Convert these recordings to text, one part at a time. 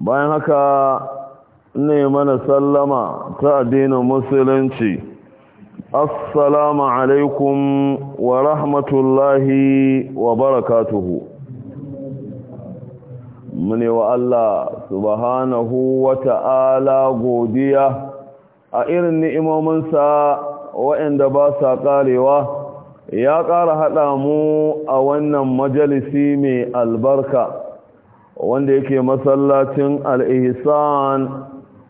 bayan haka ne mana sallama ta addinin musulunci assalamu alaikum wa rahmatullahi wa barakatuhu mune wa Allah subhanahu wa ta'ala godiya a irin ni'imominsa waɗanda ba sa ƙarewa ya ƙara haɗa mu a wannan majalisi mai albarka wanda yake masallacin al-ihsan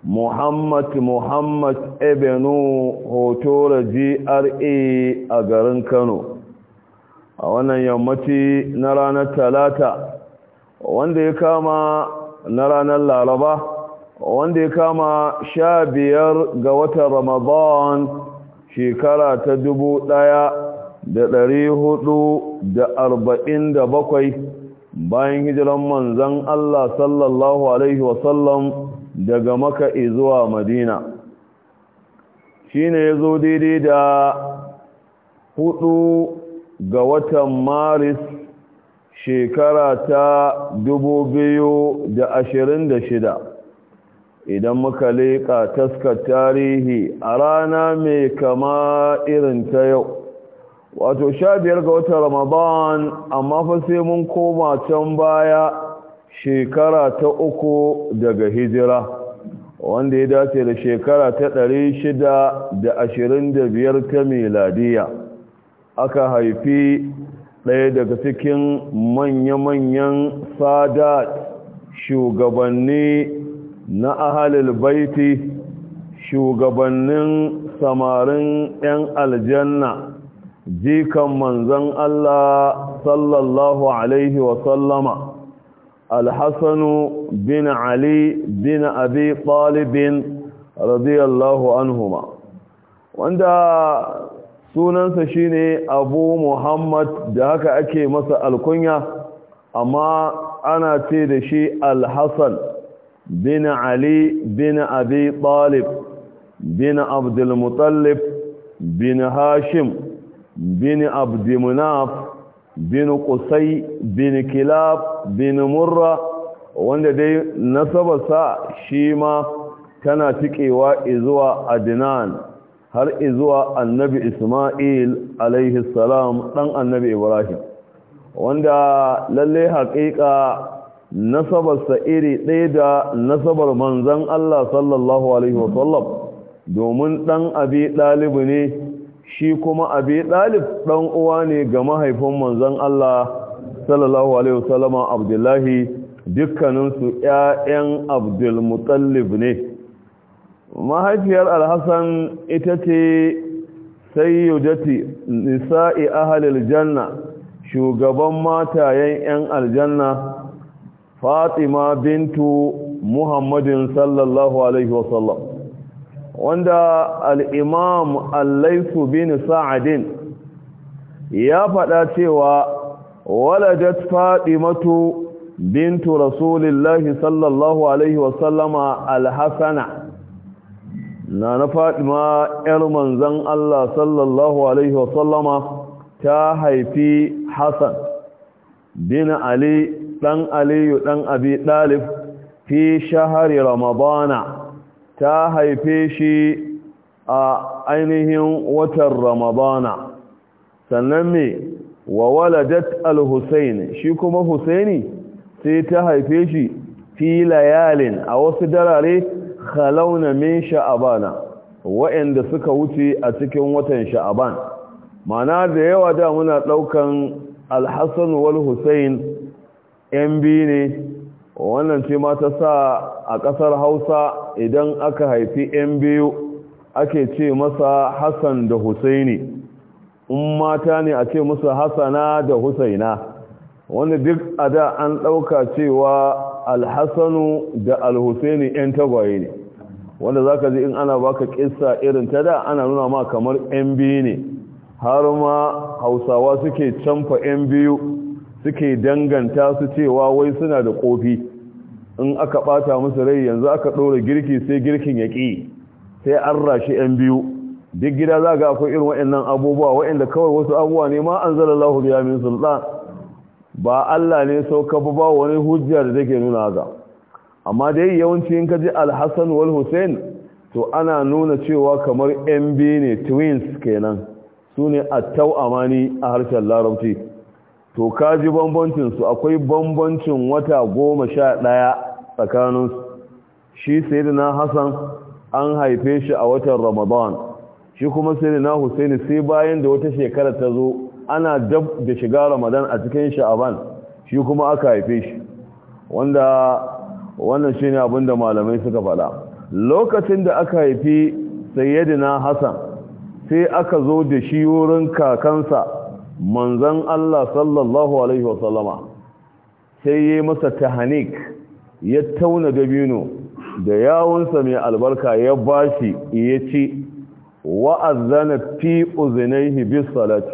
Muhammad Muhammad Ebenu Hotora GRA a garin Kano a wannan yammaci na ranar Talata wanda ya kama na ranar Laraba wanda ya kama sha biyar ga watan Ramadan shekara ta dubu ɗaya da ɗari hudu da arba'in da bakwai bayan hijiran manzan Allah sallallahu Alaihi wasallam daga maka zuwa madina shi ne ya zo daidai da hudu ga watan maris shekara ta dubu biyu da ashirin da shida idan muka leƙa taskar tarihi a rana mai kama irin ta yau wato sha biyar ga watan ramadan amma fa sai mun koma can baya shekara ta uku daga hijira wanda ya dace da shekara ta ɗari shida da ashirin da biyar ta miladiya aka haifi ɗaya daga cikin manya-manyan sadat shugabanni na ahalil baiti shugabannin samarin 'yan aljanna jikan manzan Allah sallallahu alaihi wasallama alhassanu bin Ali bin Abi Talibin radiyallahu anhuma wanda sunansa shine Abu Muhammad da haka ake masa alkunya amma ana ce da shi alhassan bin Ali bin Abi Talib bin Abdul bin Hashim bin abdi munaf bin qusay bin kilab bin murra wanda dai nasabarsa shi ma tana tikewa zuwa adnan har zuwa annabi isma'il alaihi salam ɗan annabi ibrahim wanda lalle haƙiƙa nasabarsa iri ɗaya da nasabar manzan Allah sallallahu Alaihi wasallam domin ɗan abi ɗalibu ne shi kuma abi dalib dan uwa ne ga mahaifin manzon Allah sallallahu alaihi wasallama abdullahi dukkaninsu ƴaƴan abdul mutallib ne mahaifiyar alhassan ita ce sayyidati nisa'i ahlil janna shugaban matayen yan aljanna fatima bintu muhammadin sallallahu alaihi wasallam wanda al'imam allaifu bin sa'adin ya faɗa cewa waladat faɗimatu bintu rasulillahi sallallahu alaihi wasallama alhassana na na faɗima ‘yar manzan Allah sallallahu alaihi wasallama ta haifi Hassan bin Ali ɗan Aliyu ɗan Abi ɗalib fi shahari Ramadana ta haife shi a ainihin watan ramadana sannan me wa waladat al-husayn shi kuma husaini sai ta haife shi fi layalin a wasu darare khalauna min sha'abana wa'anda suka wuce a cikin watan sha'aban mana da yawa da muna daukan al-hasan wal husayn yan biyu ne wannan ce ma ta sa a ƙasar hausa idan aka haifi 'yan biyu ake ce masa hassan da husaini in mata ne a ce musu hassana da husaina wanda duk a da an ɗauka cewa alhassanu da Alhussaini 'yan tagwaye ne wanda za ka ji in ana baka ƙisa irin ta da ana nuna ma kamar 'yan biyu ne har ma hausawa suke canfa 'yan biyu suke danganta su cewa wai suna da kofi in aka bata musu rai yanzu aka ɗora girki sai girkin ya ƙi sai an rashi 'yan biyu duk gida za ga akwai irin waɗannan abubuwa waɗanda kawai wasu abubuwa ne ma an zala lahu biya min sultan ba Allah ne sauka ka ba wani hujja da take nuna haka amma dai yawanci in ka ji alhassan wal hussein to ana nuna cewa kamar 'yan bene ne twins kenan su ne a amani a harshen larabci to ka ji bambancin su akwai bambancin wata goma sha ɗaya tsakaninsu shi sai na hassan an haife shi a watan ramadan shi kuma sai na husaini sai bayan da wata shekara ta zo ana dab da shiga ramadan a cikin sha'aban shi kuma aka haife shi wanda wannan shi ne abinda malamai suka faɗa lokacin da aka haifi sayyidina hassan sai aka zo da shi wurin kakansa manzan Allah sallallahu alaihi wasallama sai yi masa hannik ya tauna dabino da yawunsa mai albarka ya bashi ya ci 'Wa'azana fi uzinaihi bis salati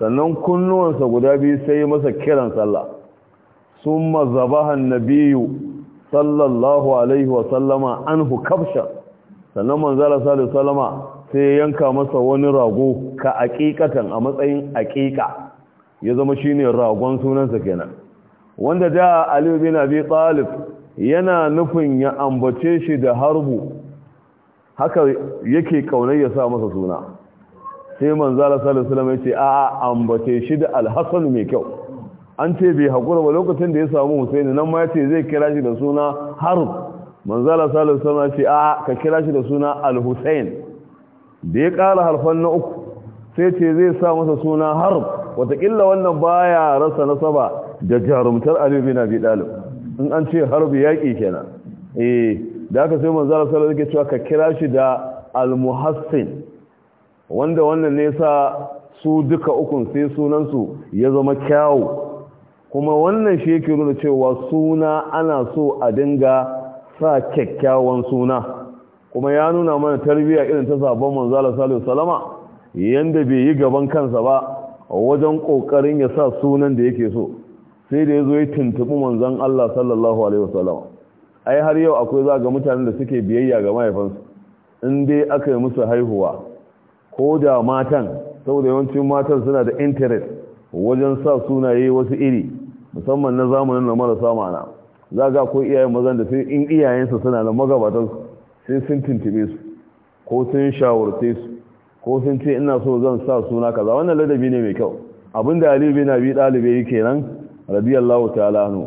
sannan kunnuwansa guda biyu sai masa kiran sallah summa zabaha hannabiyu sallallahu alaihi wasallama an kabsha sannan manzala sallallahu alaihi wasallama sai ya yanka masa wani rago ka aƙiƙatan a matsayin aƙiƙa ya zama shine ragon sunansa kenan wanda da aliyu bin Abi Talib yana nufin ya ambace shi da harbu haka yake ƙaunar ya sa masa suna sai manzala sallallahu alaihi wasallam ya ce a ambace shi da Alhassan mai kyau an ce bai haƙura ba lokacin da ya samu Husaini nan ma ya ce zai kira shi da suna harb manzala sallallahu ya ce a ka kira shi da suna al da ya ƙara harfan na uku sai ce zai sa masa suna harb Wataƙila wannan baya rasa nasaba da jarumtar Ali bin Abi Talib in an ce harb yaƙi kenan eh da aka sai manzara Allah sallallahu ke cewa ka kira shi da almuhassin wanda wannan ne sa su duka ukun sai sunansu ya zama kyawu kuma wannan shi yake nuna cewa suna ana so a dinga sa kyakkyawan suna kuma ya nuna mana tarbiyya irin ta sabon manzala salihu salama yanda bai yi gaban kansa ba wajen kokarin ya sa sunan da yake so sai da ya zo ya tuntuɓi manzan Allah sallallahu alaihi wasallama ai har yau akwai za ga mutanen da suke biyayya ga mahaifansu in dai aka yi musu haihuwa ko da matan saboda yawancin matan suna da interest wajen sa sunaye wasu iri musamman na zamanin na marasa ma'ana za ga akwai iyayen mazan da sai in iyayensa suna da magabatansu sai sun tuntube su ko sun shawarce su ko sun ce ina so zan sa suna kaza wannan ladabi ne mai kyau abinda Ali bin Abi Talib yake kenan radiyallahu ta'ala anhu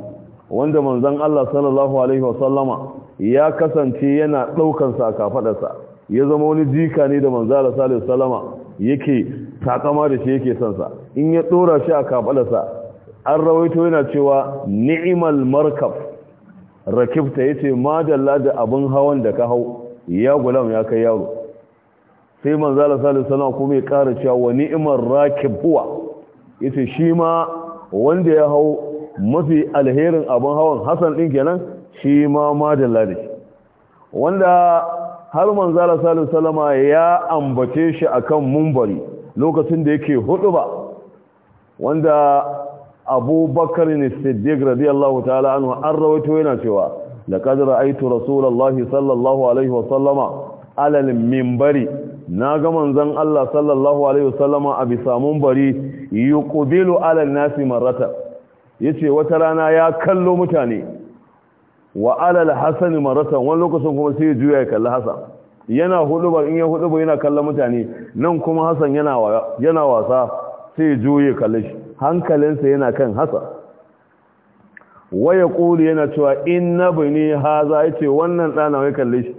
wanda manzon Allah sallallahu alaihi ya kasance yana daukan sa kafadarsa ya zama wani jika ne da manzon Allah sallallahu alaihi yake takama da shi yake son sa in ya dora shi a kafaɗarsa. an rawaito yana cewa ni'mal markab rakibta yace dalla da abun hawan da ka hau ya gulam ya kai yaro sai manzo Allah sallallahu alaihi kuma ya ƙara cewa wa ni'mar rakib huwa yace shi ma wanda ya hau mafi alherin abin hawan Hassan din kenan shi ma ma da shi wanda har manzo Allah sallallahu alaihi ya ambace shi akan Mumbari lokacin da yake hudu ba wanda abubakar ne siddiq radiyallahu ta'ala anhu an rawaito yana cewa laqad ra'aytu rasulullahi sallallahu alaihi wa sallama ala minbari na ga manzon Allah sallallahu alaihi wa sallama a bisa minbari yuqbilu ala nasi marrata yace wata rana ya kallo mutane wa ala al-hasan marrata wani lokacin kuma sai ya juya ya kalli hasan yana huduba in ya huduba yana kallon mutane nan kuma hasan yana wasa sai ya juye kalle shi hankalinsa yana kan hasa waya ƙuli yana cewa in na ha haza ya ce wannan ɗana wai kalle shi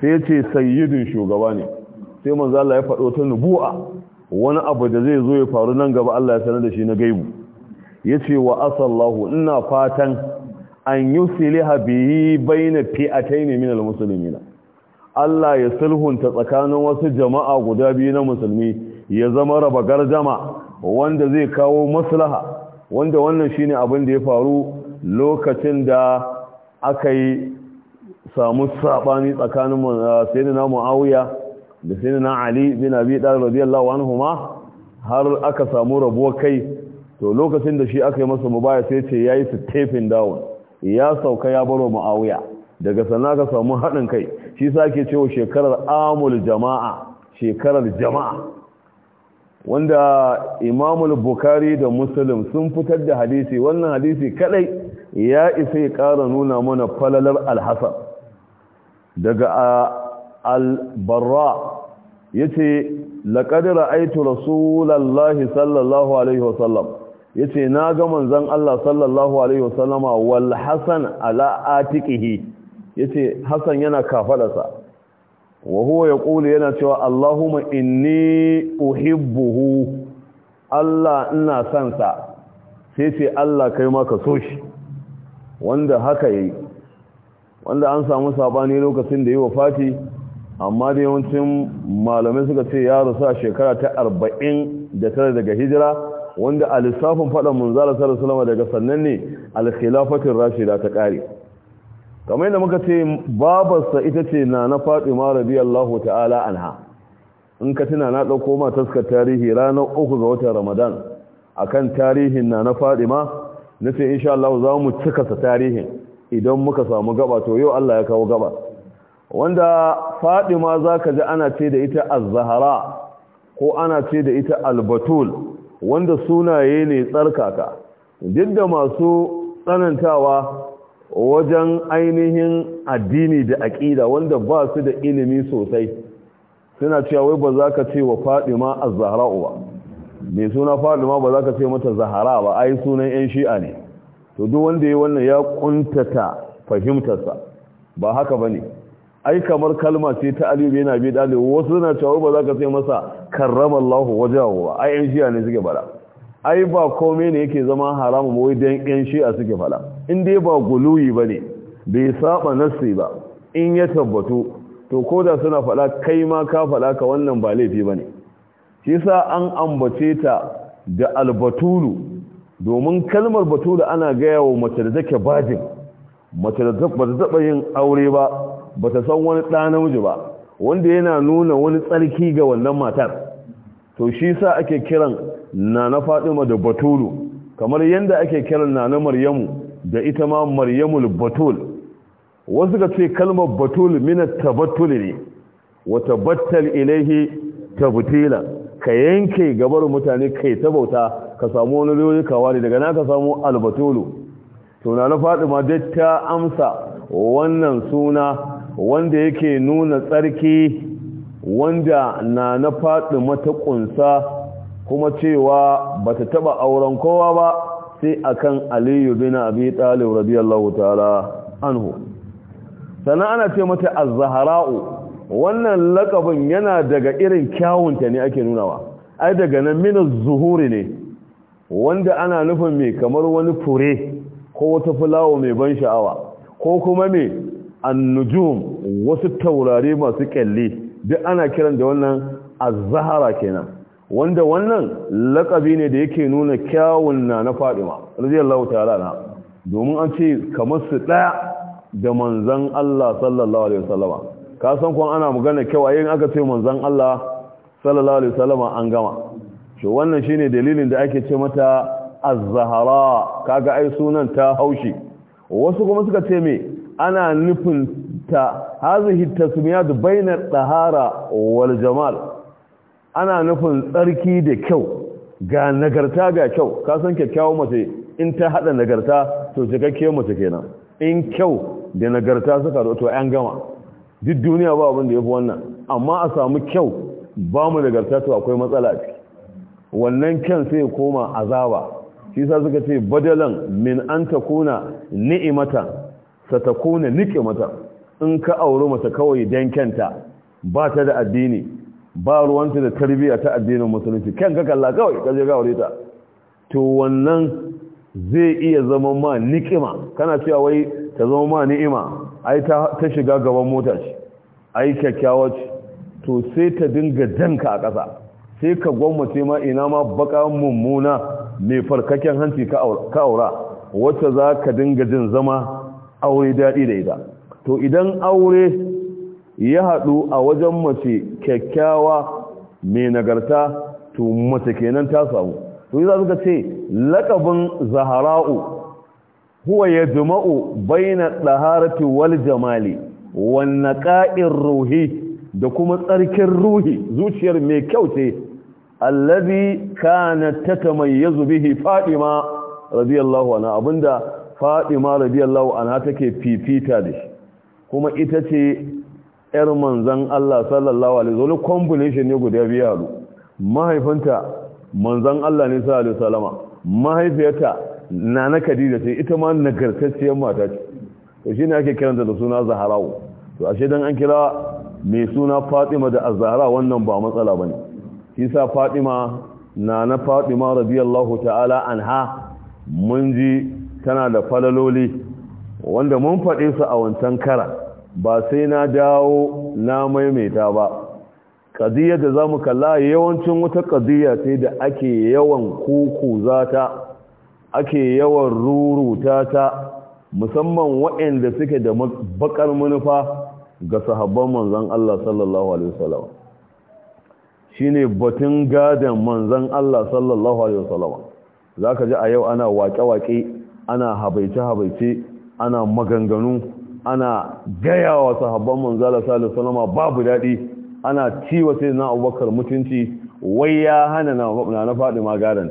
sai ce sayyidin shugaba ne sai manzo ya faɗo ta nubu'a wani abu da zai zo ya faru nan gaba Allah ya sanar da shi na gaibu yace wa asallahu ina fatan an yi yusliha bihi baina fi'atayn min almuslimin Allah ya sulhunta tsakanin wasu jama'a guda biyu na musulmi ya zama raba garjama wanda zai kawo maslaha wanda wannan shine abin da ya faru lokacin da aka yi samu sabani tsakanin uh, sayyidina Muawiya da sayyidina Ali bin Abi Talib radiyallahu anhuma har aka samu rabuwar kai to lokacin da shi aka yi masa mubaya sai ce yayi stepping down ya sauka ya baro Muawiya daga sannan aka samu haɗin kai shi sake cewa shekarar amul jama'a shekarar jama'a wanda imamul bukari da muslim sun fitar da hadisi wannan hadisi kadai ya isa ya kara nuna mana falalar alhassan daga albarra ya ce laƙadira aitu rasulallahi sallallahu alaihi wasallam ya ce na ga manzan Allah sallallahu alaihi wasallama wal hassan ya ce hassan yana kafadarsa wa huwa yaqulu yana cewa Allahumma inni uhibbuhu Allah ina son sa sai ce Allah kai ma ka so shi wanda haka yi wanda an samu sabani lokacin da yi wa Fati, amma da yawancin malamai suka ce ya rasu a shekara ta da tare daga hijira wanda a lissafin faɗan munzala sallallahu alaihi daga sannan ne al-khilafatir rashida ta ƙare kamar yadda muka ce babarsa ita ce na na fatima radiyallahu ta'ala anha in ka tuna na ɗauko ma taskar tarihi ranar uku ga watan ramadan akan tarihin na na fatima na ce insha Allah za mu cika sa tarihin idan muka samu gaba to yau Allah ya kawo gaba wanda fatima za ka ji ana ce da ita az zahra ko ana ce da ita al-batul wanda sunaye ne tsarkaka duk da masu tsanantawa wajen ainihin addini da aƙida wanda ba su da ilimi sosai suna cewa wai ba za ka ce wa faɗi ma a zahra'u ba mai suna faɗi ma ba za ka ce mata zahara ba ai sunan 'yan shi'a ne to duk wanda ya wannan ya kuntata fahimtarsa ba haka ba ne ai kamar kalma ce ta aliyu yana bi dalibu wasu suna cewa wai ba za ka ce masa karramallahu wajahu ba ai 'yan shi'a ne suke fada ai ba komai ne yake zama haramun wai dan 'yan shi'a suke fada in dai ba guluyi ba ne bai saba nassi ba in ya tabbatu to ko da suna faɗa kai ma ka faɗa ka wannan ba laifi ba ne shi sa an ambace ta da albatulu domin kalmar batulu ana gaya wa mace da take bajin mace da ba ta taɓa yin aure ba ba ta san wani ɗa namiji ba wanda yana nuna wani tsarki ga wannan matar to shi sa ake kiran nana na fatima da batulu kamar yadda ake kiran nana maryamu da ita ma maryamul batul wasu ga ce kalmar batul mina tabattul ne wata battal ilaihi tabtila ka yanke gabar mutane kai ta bauta ka samu wani riyoyi kawari daga naka samu albatulu to na ma dai ta amsa wannan suna wanda yake nuna tsarki wanda na na fadi mata kunsa kuma cewa bata taba auren kowa ba sai akan aliyu bin abi talib radiyallahu ta'ala anhu sannan ana ce mata az-zahra'u wannan lakabin yana daga irin kyawunta ne ake nunawa ai daga nan minaz zuhuri ne wanda ana nufin mai kamar wani fure ko wata fulawa mai ban sha'awa ko kuma mai annujum wasu taurari masu kyalle duk ana kiran da wannan az-zahara kenan wanda wannan lakabi ne da yake nuna kyawun na na fadima radiyallahu ta'ala na domin an ce kamar su ɗaya da manzan Allah sallallahu alaihi wasallama ka san kun ana magana kyau a yin aka ce manzan Allah sallallahu alaihi wasallama an gama shi wannan shine dalilin da ake ce mata az-zahara kaga ai sunan ta haushi wasu kuma suka ce me ana nufin ta hazihi tasmiyat bainar tahara wal jamal ana nufin tsarki da kyau ga nagarta ga kyau ka san kyakkyawan mace in ta haɗa nagarta to cikakkiyar mace kenan in kyau da nagarta suka to 'yan gama duk duniya ba abin da ya fi wannan amma a samu kyau ba mu nagarta to akwai matsala ce wannan kyan sai koma azaba shi sa suka ce badalan min an ta kuna ni'imata kuna nikimata in ka auri mace kawai dan kyanta ba ta da addini ba ruwanta da tarbiyya ta addinin musulunci kan ka kalla kawai ka je ga aure to wannan zai iya zama ma nikima kana cewa wai ta zama ma ni'ima ai ta shiga gaban mota ce ai kyakkyawa ce to sai ta dinga danka a ƙasa sai ka gwammace ma ina ma baka mummuna mai farkaken hanci ka aura wacce za ka dinga jin zama aure daɗi da ita to idan aure ya haɗu a wajen mace kyakkyawa mai nagarta to mace kenan ta samu to yi za suka ce laƙabin zahara'u huwa ya jima'u baina ɗaharati wal jamali wanne ƙa'in ruhi da kuma tsarkin ruhi zuciyar mai kyau ce allazi kana tatamayyazu bihi fadima radiyallahu ana abinda fadima radiyallahu ana take fifita da shi kuma ita ce yar manzan Allah sallallahu alaihi wani combination ne guda biyu mahaifinta manzan Allah ne sallallahu Salama. wasallama mahaifiyarta na Khadija ce ita ma nagartacciyar mata ce to ne ake kiranta da suna Zahra'u to ashe dan an kira mai suna Fatima da a zahra wannan ba matsala ba ne. shi sa Fatima na Fatima radiyallahu ta'ala anha mun ji tana da falaloli wanda mun faɗe su a wancan kara ba sai na dawo na maimaita ba ƙadiyar da za mu kalla yawancin wata ƙadiyya sai da ake yawan kukuza ta ake yawan ruruta ta musamman waɗanda suke da baƙar manufa ga sahabban manzan Allah sallallahu Alaihi wasallam shi ne batun gadon manzan Allah sallallahu Alaihi wasallam za ka ji a yau ana waƙe-waƙe ana habaice-habaice ana maganganu ana gaya wa sahabban manzala salisu salama babu daɗi ana ciwa sai na abubakar mutunci wai ya hana na na faɗi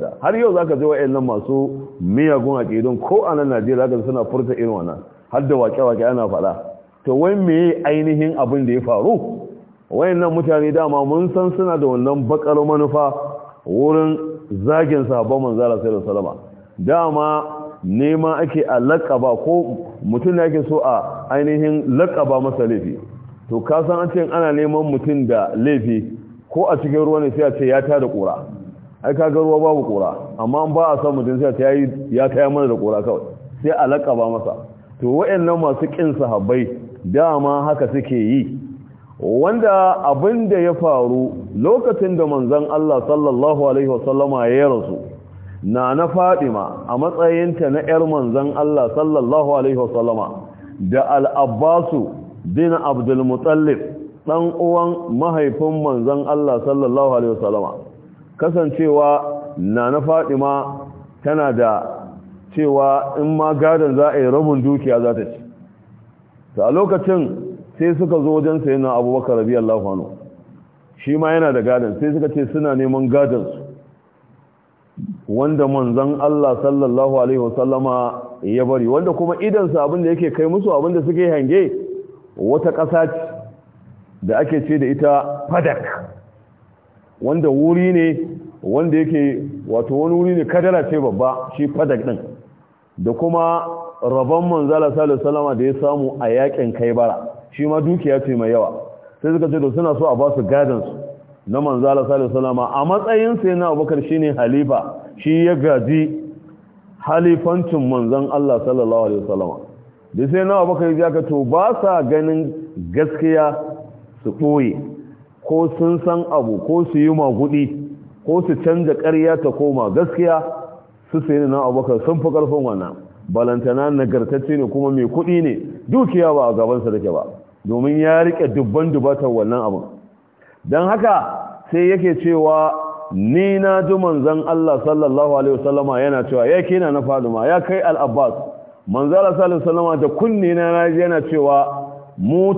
da har yau zaka ka zai wa'yan nan masu miyagun a ƙidon ko a nan najeriya ga suna furta irin wannan har da wake-wake ana faɗa to wai me ainihin abin da ya faru wayan nan mutane dama mun san suna da wannan bakar manufa wurin zagin sahabban manzala salisu salama dama nema ake a laƙaba ko mutum da ake so a ainihin laƙaba masa laifi to ka san an ce ana neman mutum da laifi ko a cikin ruwa ne sai a ce ya tada ƙura ai ka ga ruwa babu ƙura amma an ba a san mutum sai a ce ya ta mana da ƙura kawai sai a laƙaba masa to waɗannan masu ƙin sahabbai dama haka suke yi wanda abin da ya faru lokacin da manzon Allah sallallahu alaihi wasallama ya rasu na na fadima a matsayinta na ‘yar manzan Allah sallallahu Alaihi wasallama da al'abbasu bin abdulmutallif ɗan uwan mahaifin manzan Allah sallallahu Alaihi wasallama kasancewa na na fadima tana da cewa in ma gadon za a yi rabin dukiya za ta ci ta lokacin sai suka zo wajen sayi na abubakar rabi Allah shi ma yana da gadon sai suka ce suna neman gadonsu wanda manzan Allah sallallahu alaihi wasallama ya bari wanda kuma idan sa abin da yake kai musu abin da suke hange wata ƙasa da ake ce da ita fadak wanda wuri ne wanda yake wato wani wuri ne kadara ce babba shi fadak din da kuma rabon manzala sallallahu alaihi da ya samu a yakin kai bara. shi ma dukiya ce mai yawa sai suka ce to suna so a ba su gadan su na manzala sallallahu alaihi a matsayin sai na abubakar shine halifa shi ya gaji halifancin manzon Allah sallallahu alaihi wasallam da sai na abubakar ya ka to ba sa ganin gaskiya su boye ko sun san abu ko su yi magudi ko su canja ƙarya ta koma gaskiya su sai na abubakar sun fi ƙarfin wannan balantana nagartacce ne kuma mai kuɗi ne dukiya ba a gabansa take ba domin ya rike dubban dubatar wannan abin don haka sai yake cewa ni na ji manzon Allah sallallahu alaihi wasallama yana cewa ya kina na Faduma ya kai al'abbas manzan Allah sallallahu alaihi wasallama da kunni na raji yana cewa mu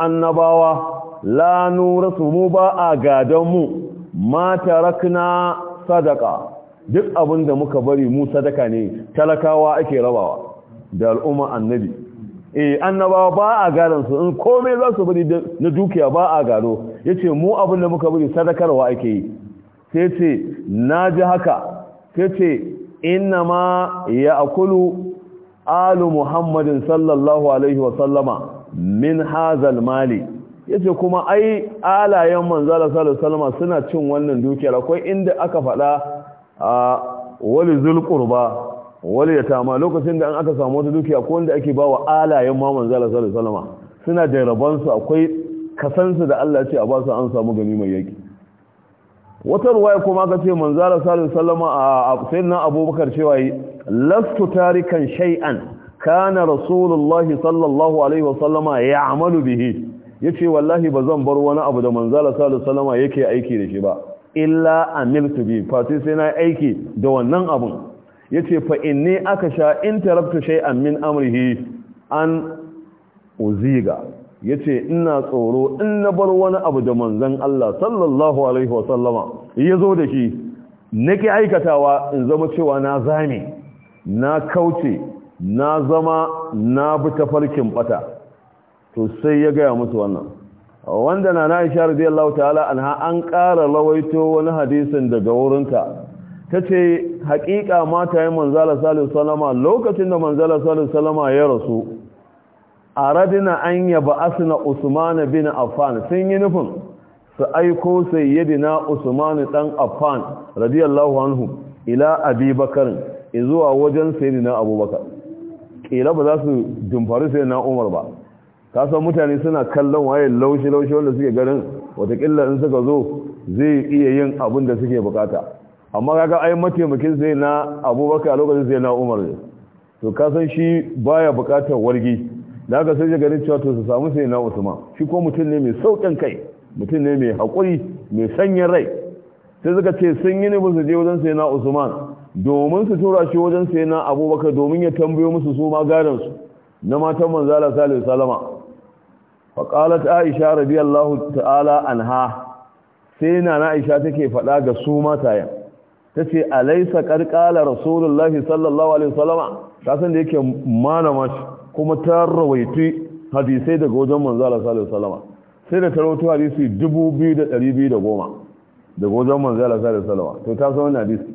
annabawa la su mu ba a gadon mu mata rakna sadaka duk abin da muka bari mu sadaka ne talakawa ake rabawa da al'umma annabi eh annabawa ba a gadon su in komai za su bari na dukiya ba a gado yace mu abin da muka bari sadakarwa ake yi sai ce ji haka sai ce inna ma ya'kulu alu muhammadin sallallahu alaihi wa sallama min hazal mali yace kuma ai alayen manzala sallallahu alaihi suna cin wannan dukiyar akwai inda aka faɗa a wali zulqurba wali yatama lokacin da an aka samu wata dukiya ko wanda ake bawa alayen ma manzala sallallahu suna jarabansu akwai ka san su da Allah ce a ba su an samu gani mai yaki wata ruwaya kuma ka ce manzara sallallahu alaihi a sayyidina abubakar cewa lastu tarikan shay'an kana rasulullahi sallallahu alaihi wasallama ya'malu bihi yace wallahi bazan bar wani abu da manzara sallallahu alaihi yake aiki da shi ba illa amiltu bi fati sai na aiki da wannan abun yace fa inni aka sha in tarabtu shay'an min amrihi an uziga ya ce ina tsoro in na bar wani abu da manzan Allah sallallahu Alaihi wasallama ya zo da shi nake aikatawa in zama cewa na zame na kauce na zama na bi tafarkin bata to sai ya gaya musu wannan wanda na na isha radiyallahu ta'ala anha an ƙara rawaito wani hadisin daga wurinta ta ce haƙiƙa mata yin manzala salisu lokacin da manzala salisu ya rasu Aradina an ba'asna usman bin affan sun yi nufin su aiko sayyidina usman dan affan radiyallahu anhu ila Bakar zuwa wajen sayyidina abubakar kila ba za su dumfari sayyidina umar ba ka san mutane suna kallon waye laushi laushi wanda suke garin watakila in suka zo zai iya yin abin da suke bukata amma kaga ai mataimakin sai na abubakar a lokacin sayyidina umar ne to ka san shi baya bukatar wargi da aka sai ganin cewa to su samu sai na usman shi ko mutum ne mai sauƙin kai mutum ne mai haƙuri mai sanyin rai sai suka ce sun yi ne su je wajen sai na usman domin su tura shi wajen sai na abubakar domin ya tambayo musu su ma garin su na matan manzala wasallama salama qalat aisha radiyallahu ta'ala anha sai na aisha take faɗa ga su matayen ta ce alaisa ƙarƙala rasulullahi sallallahu alaihi wasallama ta san da yake malama shi kuma ta rawaiti hadisai daga wajen manzo Allah sallallahu alaihi wasallam sai da ta rawaito hadisi 2210 daga wajen manzo Allah sallallahu alaihi wasallam to ta san wannan hadisi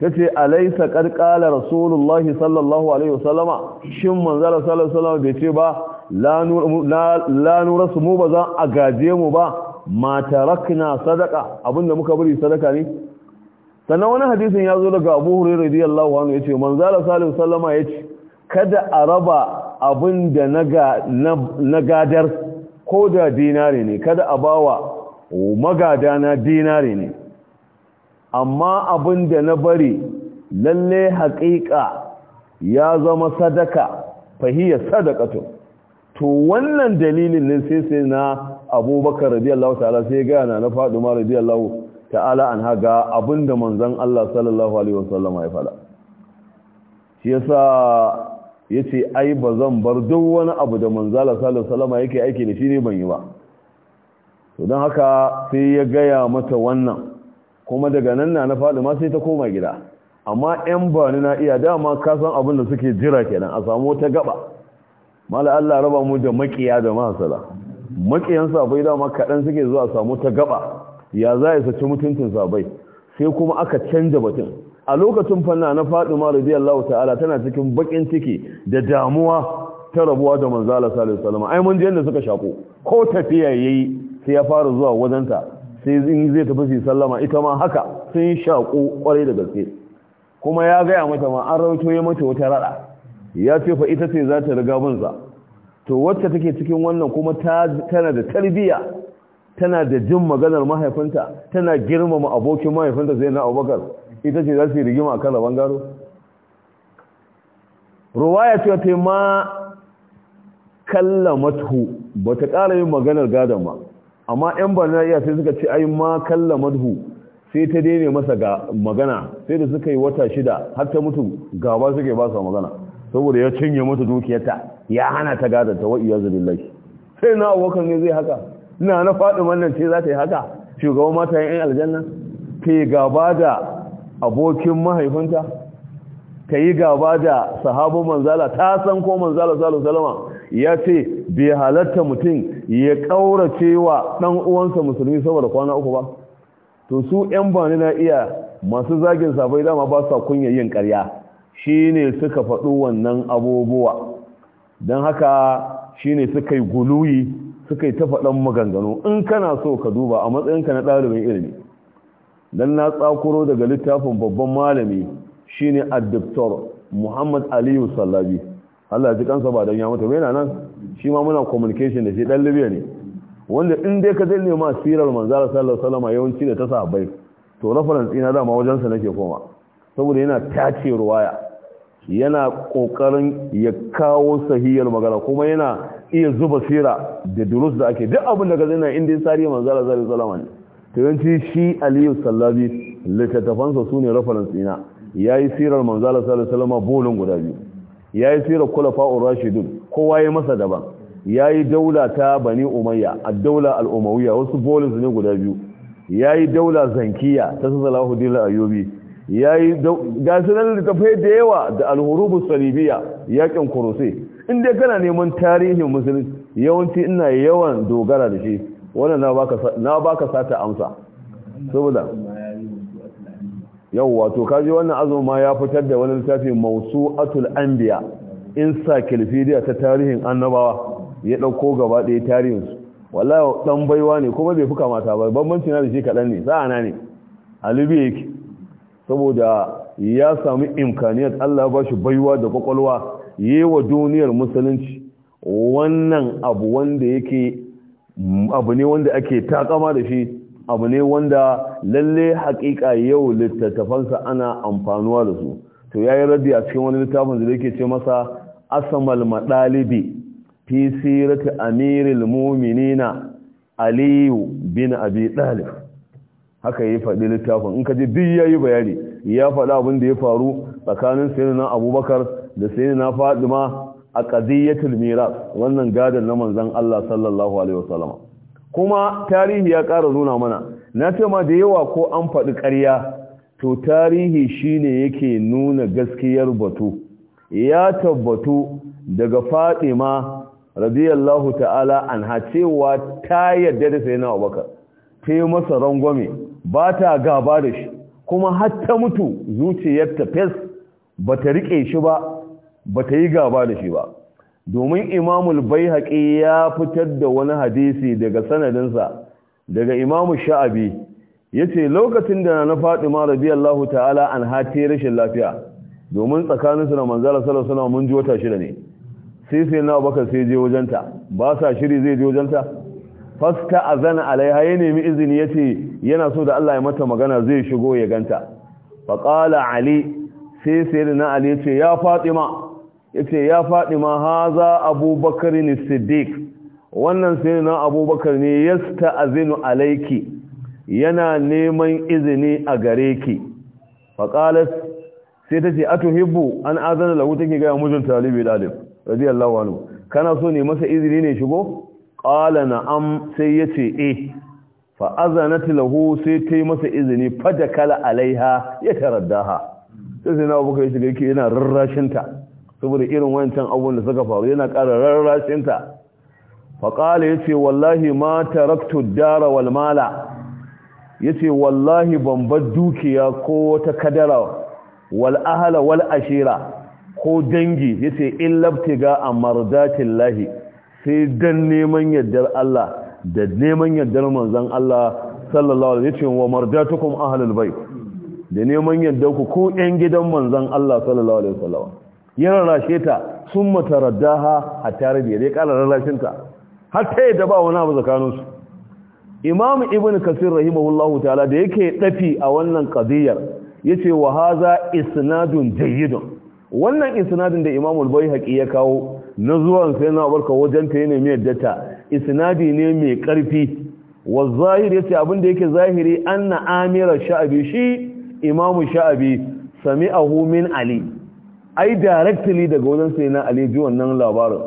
tace alaysa qad qala rasulullah sallallahu alaihi wasallama shin manzo Allah sallallahu alaihi wasallam bai ce ba la nu la nu mu ba za a gaje mu ba ma tarakna sadaqa abinda muka bari sadaka ne sannan wani hadisin ya zo daga Abu Hurairah radiyallahu anhu yace manzo Allah sallallahu alaihi wasallama yace kada a raba abin da na gadar ko da dinari ne kada a bawa magada na dinari ne amma abin da na bari lalle haƙiƙa ya zama sadaka fahiyya sadaka to wannan dalilin ne sai sai na abubakar radiyallahu ta'ala sai yana na ma radiyallahu ta'ala an haga abinda manzon Allah sallallahu alaihi wasallam ya fada shi yasa ya ce ai ba zan bar duk wani abu da manzala sallallahu salama yake aiki da shi ne ban yi ba to don haka sai ya gaya mata wannan kuma daga nan na na faɗi ma sai ta koma gida amma 'yan bani na iya dama kasan abin da suke jira kenan a samu wata gaba mala Allah raba mu da makiya da mahasala makiyan bai dama kaɗan suke zuwa samu ta gaba ya za a isa ci mutuncin sabai sai kuma aka canja batun a lokacin fanna na Fatima radiyallahu ta'ala tana cikin bakin ciki da damuwa ta rabuwa da manzo Allah sallallahu alaihi wasallam ai mun ji yanda suka shako ko tafiya yayi sai ya fara zuwa wajenta sai in zai tafi sai sallama ita ma haka sun shako kwarai da gaske kuma ya gaya mata ma an rawaito ya mata wata rada ya ce fa ita ce za ta riga bunsa to wacce take cikin wannan kuma tana da tarbiya tana da jin maganar mahaifinta tana girmama abokin mahaifinta zai na abubakar ita ce za su yi rigima a kala bangaro? ruwa ruwaya ce ta ma kallamatu ba ta ƙara yin maganar gadon ba amma 'yan iya sai suka ce ai ma kallamathu sai ta daina masa ga magana sai da suka yi wata shida har ta mutu gaba yi ba su magana saboda ya cinye mata dukiyarta ya hana ta gada ta wa'iya zulillahi sai na abokan ne zai haka na na faɗi wannan ce za ta yi haka shugaban mata yan aljanna ke gaba da abokin mahaifinta ka yi gaba da sahabu manzala ta san ko manzala salu salama ya ce bai halatta mutum ya ƙaurace wa ɗan uwansa musulmi saboda kwana uku ba to su 'yan bani na iya masu zagin safai dama ba sa kunya yin karya? shi ne suka faɗo wannan abubuwa don haka shi ne suka yi guluyi suka yi ta maganganu in kana so ka duba a matsayinka na ɗalibin ilimi dan na tsakuro daga littafin babban malami shine addiktor Muhammad Aliyu Sallabi Allah ji kansa ba dan ya mutu yana nan shi ma muna communication da shi dan Libya ne wanda in dai ka zai nema sirar manzara sallallahu alaihi wasallam yawanci da ta sahabbai to reference ina ma wajen sa nake koma saboda yana tace ruwaya yana kokarin ya kawo sahihiyar magana kuma yana iya zuba sira da durus da ake duk abin da ka zai na inda ya sari manzara sallallahu alaihi wasallam turanci shi aliyu sallabi littattafansa su ne reference ɗina ya yi sirar manzala salama bolin guda biyu ya yi sirar kulafa rashidun kowa ya masa daban ya yi daula ta bani umayya a daula al'umawiya wasu bolin ne guda biyu ya yi daula zankiya ta su salahuddin al'ayobi ya yi gasunan littafai da yawa da alhurubu salibiya yakin kurose inda kana neman tarihin musulun yawanci ina yawan dogara da shi wannan na ba ka sata amsa saboda yau wato kaji wannan azumin ma ya fitar da wani littafi atul anbiya encyclopedia ta tarihin annabawa ya dauko gaba ɗaya tarihin su wallahi dan baiwa ne kuma bai fuka mata ba bambanci na da shi kadan ne sa'ana ne alibi yake saboda ya sami imkaniyar Allah ya bashi baiwa da kwakwalwa wa duniyar musulunci wannan abu wanda yake abu ne wanda ake takama da shi abu ne wanda lalle hakika yau littattafansa ana amfanuwa da su to yayi raddi a cikin wani littafin da yake ce masa asamal madalibi fi sirati amiril mu'minina aliyu bin abi talib haka yi faɗi littafin in ka ji duk yayi bayani ya faɗi abin da ya faru tsakanin sayyidina abubakar da sayyidina fadima a ƙaziyyatul miras wannan gadon na manzan Allah sallallahu alaihi wasallama kuma tarihi ya ƙara nuna mana na ce ma da yawa ko an faɗi ƙarya to tarihi shine yake nuna gaskiyar batu ya tabbatu daga Fatima radiyallahu ta'ala an cewa ta yarda da na Abubakar ta yi masa rangwame ba ta gaba da shi kuma hatta mutu zuciyarta fes ba ta riƙe shi ba ba ta yi gaba da shi ba domin imamul bai ya fitar da wani hadisi daga sanadinsa daga imamu sha'abi ya ce lokacin da na faɗi ma rabi Allahu ta'ala an hati rashin lafiya domin tsakaninsu na Manzara salasala mun ji wata shida ne sai sai na baka sai je wajenta ba sa shiri zai je wajenta fasta azana alaiha ya nemi izini ya ce yana so da Allah ya mata magana zai shigo ya ganta faƙala ali sai sai na ali ce ya faɗi ma. yace ya ma haza abubakar ne siddiq wannan sai na abubakar ne azinu alayki yana neman izini a gare ki faqalat sai tace atuhibbu an azana lahu take ga mujin talibi dalib radiyallahu anhu kana so ne masa izini ne shigo qala na'am sai yace eh fa azanat lahu sai tayi masa izini fadakala alaiha ya taraddaha sai sai na abubakar ya shiga ki yana rarrashinta saboda irin wancan abubuwan da suka faru yana ƙara rarrashinta faƙala ya ce wallahi ma taraktu dara wal mala ya ce wallahi ban bar dukiya ko wata kadara wal ahala wal ashira ko dangi ya ce in labtiga a mardatin lahi sai dan neman yardar Allah da neman yardar manzan Allah sallallahu alaihi ya ce wa mardatukum ahalul bai da neman yardar ku ko 'yan gidan manzan Allah sallallahu alaihi wasallam ya rarrashe ta sun mataradda ha a tare da ya kala rarrashinta har ta yadda ba wani abu tsakaninsu imam ibn kasir rahimahullahu ta'ala da yake dafi a wannan ya yace wa haza isnadun jayidun wannan isnadin da imam al haƙi ya kawo na zuwan sai na barka wajen ta yana mai data isnadi ne mai ƙarfi. wa zahiri ya ce abin da yake zahiri na amira sha'abi shi imam sha'abi sami'ahu min ali ai directly daga wajen sai na ali ji wannan labarin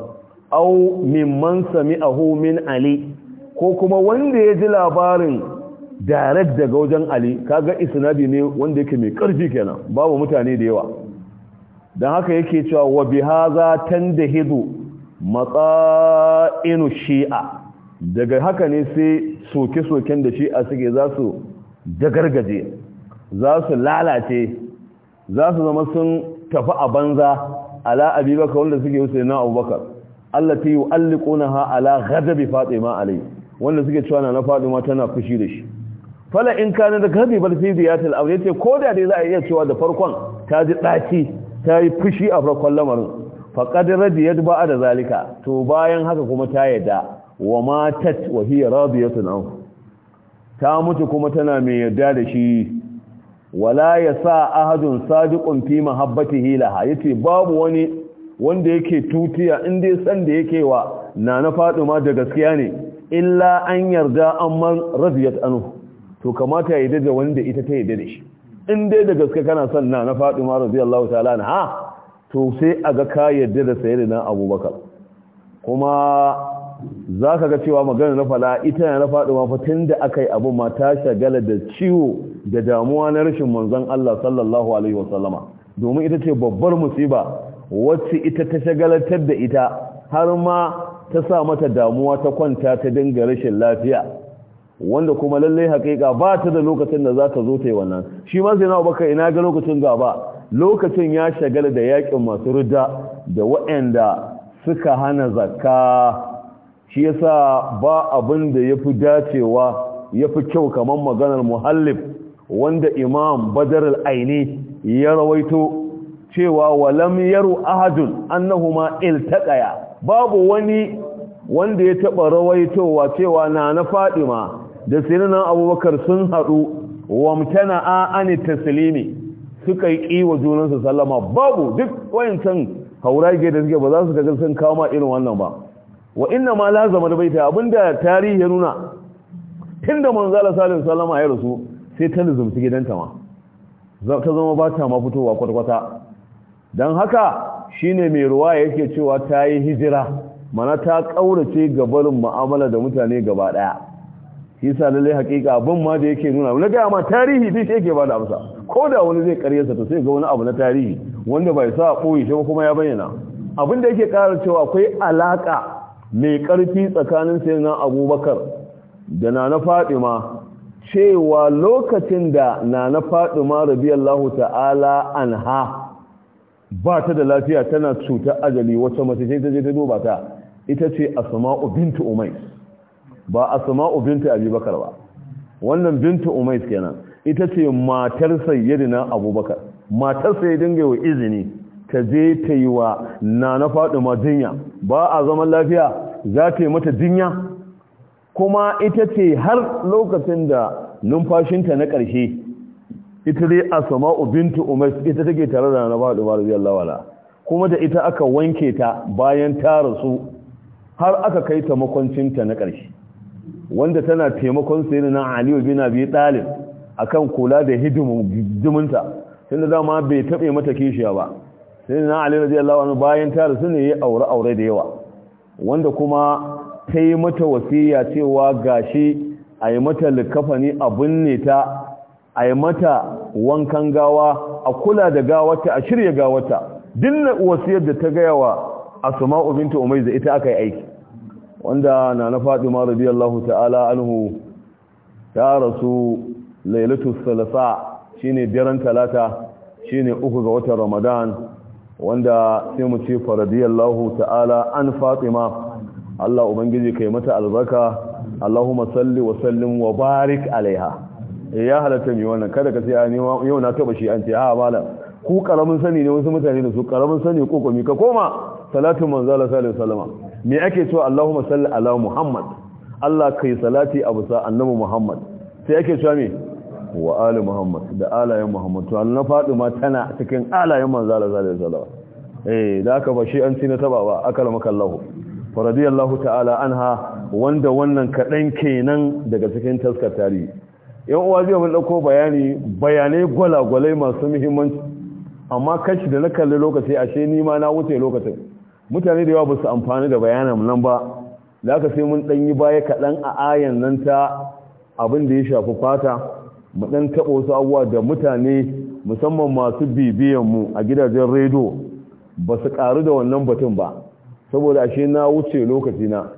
au mimman ahu min ali ko kuma wanda ya ji labarin direct daga wajen ali kaga isnadi ne wanda yake mai karfi kenan babu mutane da yawa dan haka yake cewa wa bihaza tandahidu matsa'inu shi'a daga haka ne sai soke-soken da shi'a suke za su dagargaje za su lalace za su zama sun tafi a banza ala abubakar wanda suke yi na abubakar allati yu'alliqunaha ala ghadabi fatima alayhi wanda suke cewa na fatima tana fushi da shi fala in kana da ghadabi bal ya diyatil aure ce ko da dai za a iya cewa da farkon ta ji daci ta yi fushi a farkon lamarin faqad radiyat ba'a da zalika to bayan haka kuma ta yadda wa matat wa hiya radiyatun ta mutu kuma tana mai yadda da shi wala sa ahadun sadiqun fi mahabbatihi laha yace babu wani wanda yake tutiya inda dai san da yake wa nana Fatima da gaskiya ne illa an yarda amman radiyat anhu to kamata ya yarda da wanda ita ta yarda da shi in dai da gaske kana son nana ma radiyallahu ta'ala anha to sai aga ka yarda da sayyidina Abubakar kuma za ka ga cewa magana na fala ita na faɗi fa fatin da aka yi abu ma ta shagala da ciwo da damuwa na rashin manzon Allah sallallahu alaihi wa sallama domin ita ce babbar musiba wacce ita ta shagalatar da ita har ma ta sa mata damuwa ta kwanta ta dinga rashin lafiya wanda kuma lallai haƙiƙa ba ta da lokacin da za ta zo ta yi wannan shi ma sai na baka ina ga lokacin gaba lokacin ya shagala da yakin masu rudda da waɗanda suka hana zakka shi yasa ba abin da fi dacewa ya fi kyau kamar maganar muhallif wanda imam badar al'aini ya rawaito cewa walam yaru ahadun annahuma iltaqaya babu wani wanda ya taba rawaitowa cewa na na fadima da sirrin abubakar sun hadu wamtana ani taslimi suka yi kiwa junansu sallama babu duk wayancan haurage da suke ba za su ga sun kama irin wannan ba wa inna ma lazama da baita abinda tarihi ya nuna tunda manzo Allah sallallahu alaihi wasallam ya rasu sai ta luzumci gidanta ma ta zama ba ta ma fitowa kwatkwata dan haka shine mai ruwa yake cewa ta yi hijira mana ta kaurace gabarin mu'amala da mutane gaba daya shi sa lalle hakika abin ma da yake nuna na gaya ma tarihi shi yake ba da amsa ko da wani zai karyarsa to sai ga wani abu na tarihi wanda bai sa koyi shi kuma ya bayyana abinda da yake karar cewa akwai alaka mai ƙarfi tsakanin sayyidina abubakar da na na cewa lokacin da na na fatima radiyallahu ta'ala anha ba ta da lafiya tana cuta ajali wacce mace ce ta je ta duba ta ita ce asma'u bintu umais ba asma'u bintu abubakar ba wannan bintu umais kenan ita ce matar sayyidina abubakar matar sayyidin ga izini ta je ta yi wa na faɗi ma jinya ba a zaman lafiya za ta yi mata jinya kuma ita ce har lokacin da numfashinta na ƙarshe ita dai ubin bintu umar ita take tare da nana fatima radiyallahu wala kuma da ita aka wanke ta bayan ta rasu har aka kai ta makoncinta na ƙarshe wanda tana taimakon na aliyu bin abi talib akan kula da hidimunta, jiminta tunda dama bai taɓe mata kishiya ba sai na ali radiyallahu anhu bayan ta rasu ne ya aure aure da yawa wanda kuma ta yi mata wasiya cewa gashi a yi mata likafani a binne ta a yi mata wankan gawa a kula da gawata a shirya gawata dinna wasiyar da ta gaya wa asma'u binta umayz ita aka yi aiki wanda na na fatima radiyallahu ta'ala anhu ta rasu lailatul salasa shine daren talata shine uku ga watan ramadan wanda sai mu ce faradiyallahu ta'ala an fatima Allah ubangiji kai mata albarka Allahumma salli wa sallim wa barik alaiha eh, ya halatta mi wannan kada ka sai a nema yau na taba shi an ce ha malam ku karamin sani ne wasu mutane da su karamin sani ko komi ka koma salatu manzo Allah sallallahu alaihi wasallam me ake cewa Allahumma salli ala Muhammad Allah kai salati abusa annabi Muhammad sai ake cewa me wa ali muhammad da alayen muhammad to na ma tana cikin alayen manzo Allah sallallahu alaihi wasallam eh da aka ba shi an tina taba ba akal makallahu radiyallahu ta'ala anha wanda wannan kadan kenan daga cikin taskar tarihi yan uwa zai mun dauko bayani bayanai gwalagwalai masu muhimmanci amma kashi da na kalli lokaci ashe ni ma na wuce lokacin mutane da yawa ba su amfani da bayanan nan ba da aka sai mun danyi baya kadan a ayan nan ta abin da ya shafi fata mu ɗan taɓa wasu abubuwa da mutane musamman masu bibiyanmu a gidajen rediyo ba su ƙaru da wannan batun ba saboda ashe na wuce lokaci na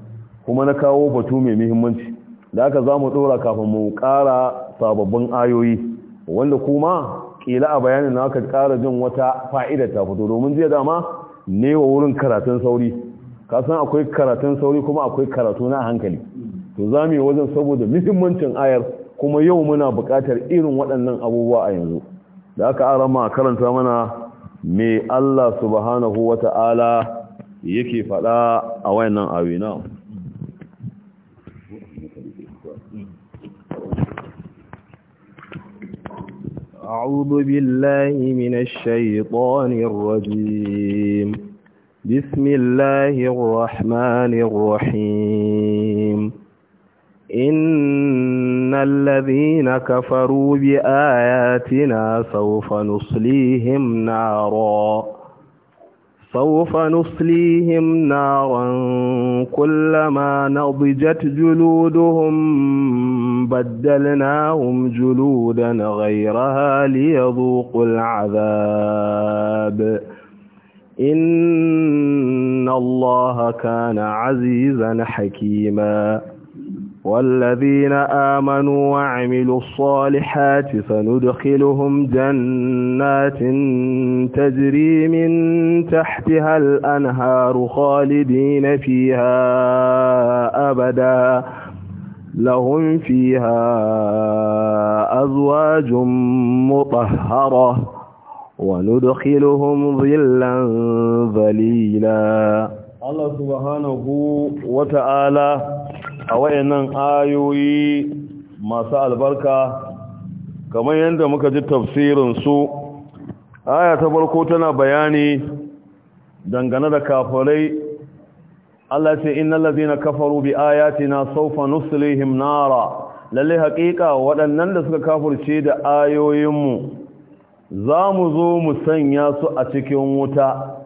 kuma na kawo batu mai muhimmanci da aka za mu ɗora kafin mu ƙara sababbin ayoyi wanda kuma ƙila a bayanin na aka ƙara jin wata fa'ida ta fito domin jiya dama ne wa wurin karatun sauri ka san akwai karatun sauri kuma akwai karatu na hankali to za mu yi wajen saboda muhimmancin ayar kuma yau muna buƙatar irin waɗannan abubuwa a yanzu da aka arama karanta mana me Allah subhanahu wa ta'ala yake faɗa a wayannan awina أعوذ بالله من الشيطان الرجيم بسم الله الرحمن الرحيم الذين كفروا بآياتنا سوف نصليهم نارا سوف نصليهم نارا كلما نضجت جلودهم بدلناهم جلودا غيرها ليذوقوا العذاب إن الله كان عزيزا حكيما والذين آمنوا وعملوا الصالحات سندخلهم جنات تجري من تحتها الأنهار خالدين فيها أبدا لهم فيها أزواج مطهرة وندخلهم ظلا ظليلا الله سبحانه وتعالى a wayannan ayoyi masu albarka kamar yadda muka ji tafsirin su aya ta farko tana bayani dangane da kafirai Allah ce innal ladina kafaru bi ayatina sawfa nuslihim nara lalle haƙiƙa waɗannan da suka kafurce da ayoyinmu za mu zo mu sanya su a cikin wuta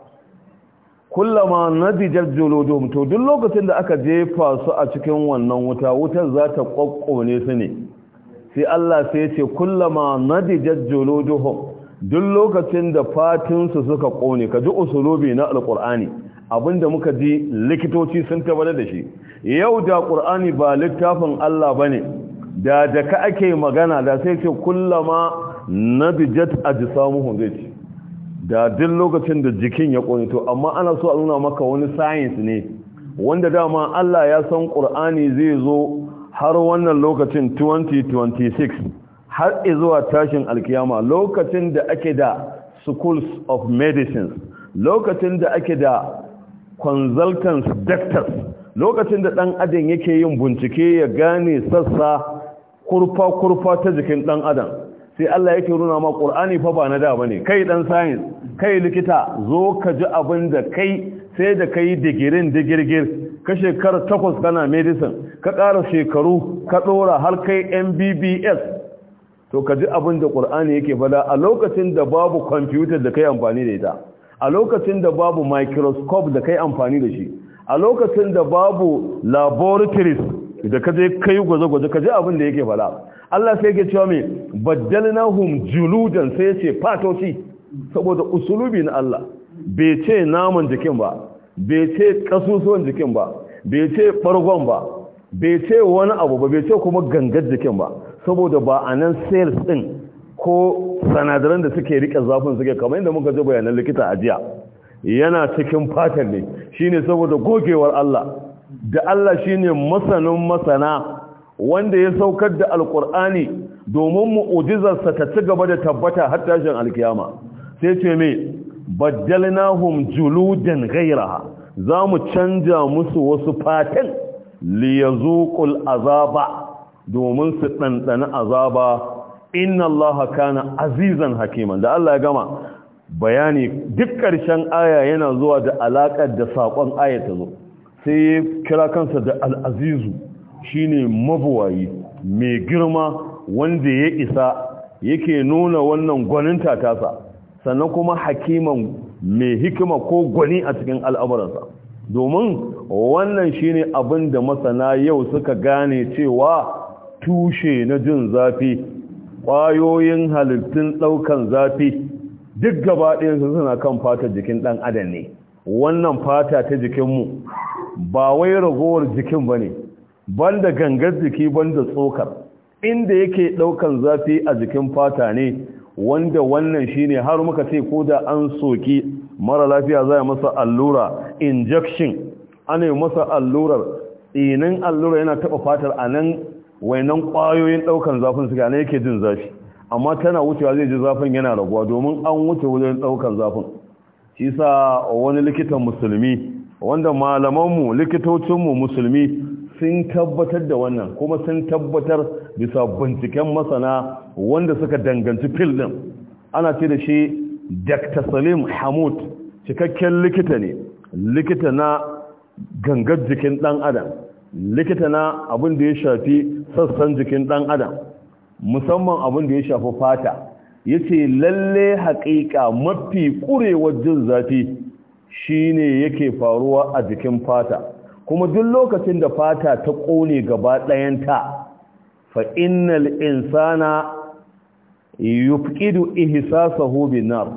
kullama nadijar jolodom to duk lokacin da aka jefa su a cikin wannan wuta wutar za ta kwakkone su ne sai Allah sai ya ce kullama nadijar jolodom duk lokacin da fatinsu suka kone ka ji usulobi na alkur'ani abinda muka ji likitoci sun tabbatar da shi yau da qur'ani ba littafin Allah bane da da ka ake magana da sai ce kullama nadijat ajsamuhum zai ce da duk lokacin da jikin ya ƙone amma ana so a nuna maka wani science ne wanda dama Allah ya san ƙur'ani zai zo har wannan lokacin 2026 har zuwa tashin alkiyama lokacin da ake da schools of medicine lokacin da ake da consultants doctors lokacin da ɗan adam yake yin bincike ya gane sassa kurfa-kurfa ta jikin ɗan adam sai Allah yake nuna ma Qur'ani fa ba na da bane kai dan science kai likita zo ka ji abin da kai sai da kai digirin digirgir ka shekara takwas kana medicine ka ƙara shekaru ka ɗora har kai MBBS to ka ji abin da Qur'ani yake fada a lokacin da babu computer da kai amfani da ita a lokacin da babu microscope da kai amfani da shi a lokacin da babu laboratories da ka je kai gwaje-gwaje ka ji abin da yake fada Allah sai ke cewa bajjalina hun juludan sai ce fatoci saboda usulubi na Allah bai ce naman jikin ba bai ce kasusuwan jikin ba bai ce ɓargon ba bai ce wani abu ba bai ce kuma gangar jikin ba saboda ba a nan sales din ko sanadaran da suke rike zafin suke kamar yadda muka ji bayanan likita a jiya yana cikin fatan ne shine saboda gogewar Allah da Allah shine masanin masana wanda ya saukar da alkur'ani domin mu'ujizarsa ta ci gaba da tabbata har tashin alkiyama sai ce me baddalnahum juludan ghayraha zamu canja musu wasu fatan liyazuqul azaba domin su dandana azaba inna allaha kana azizan hakiman da Allah ya gama bayani duk ƙarshen aya yana zuwa da alaƙa da saƙon aya tazo, zo sai kira kansa da al'azizu shine mabuwayi mai girma wanda ya isa yake nuna wannan gwaninta tasa sannan kuma hakiman mai hikima ko gwani a cikin al'amuransa domin wannan shine abin da masana yau suka gane cewa tushe na jin zafi ƙwayoyin halittun ɗaukan zafi duk gaba ɗayansu suna kan fata jikin ɗan adam ne wannan fata ta jikinmu ba wai ragowar jikin ba ne banda gangar jiki banda tsokar inda yake daukan zafi a jikin fata ne wanda wannan shine har muka ce ko da an soki mara lafiya za ya masa allura injection ana masa allurar tsinin allura yana taba fatar a nan wainan kwayoyin daukan zafin suka ne yake jin zafi amma tana wucewa zai ji zafin yana raguwa domin an wuce wajen daukan zafin shi sa wani likitan musulmi wanda malamanmu likitocinmu musulmi sun tabbatar da wannan kuma sun tabbatar bisa binciken masana wanda suka danganci fil din ana ce da shi Dr. Salim Hamoud, cikakken likita ne likita na gangar jikin dan adam likita na abin da ya shafi sassan jikin dan adam musamman abin da ya shafi fata yace lalle haƙiƙa mafi ƙurewar jin zafi shine yake faruwa a jikin fata kuma duk lokacin da fata ta ƙone gaba ɗayanta fa innal insana yufqidu ihsasahu bin nar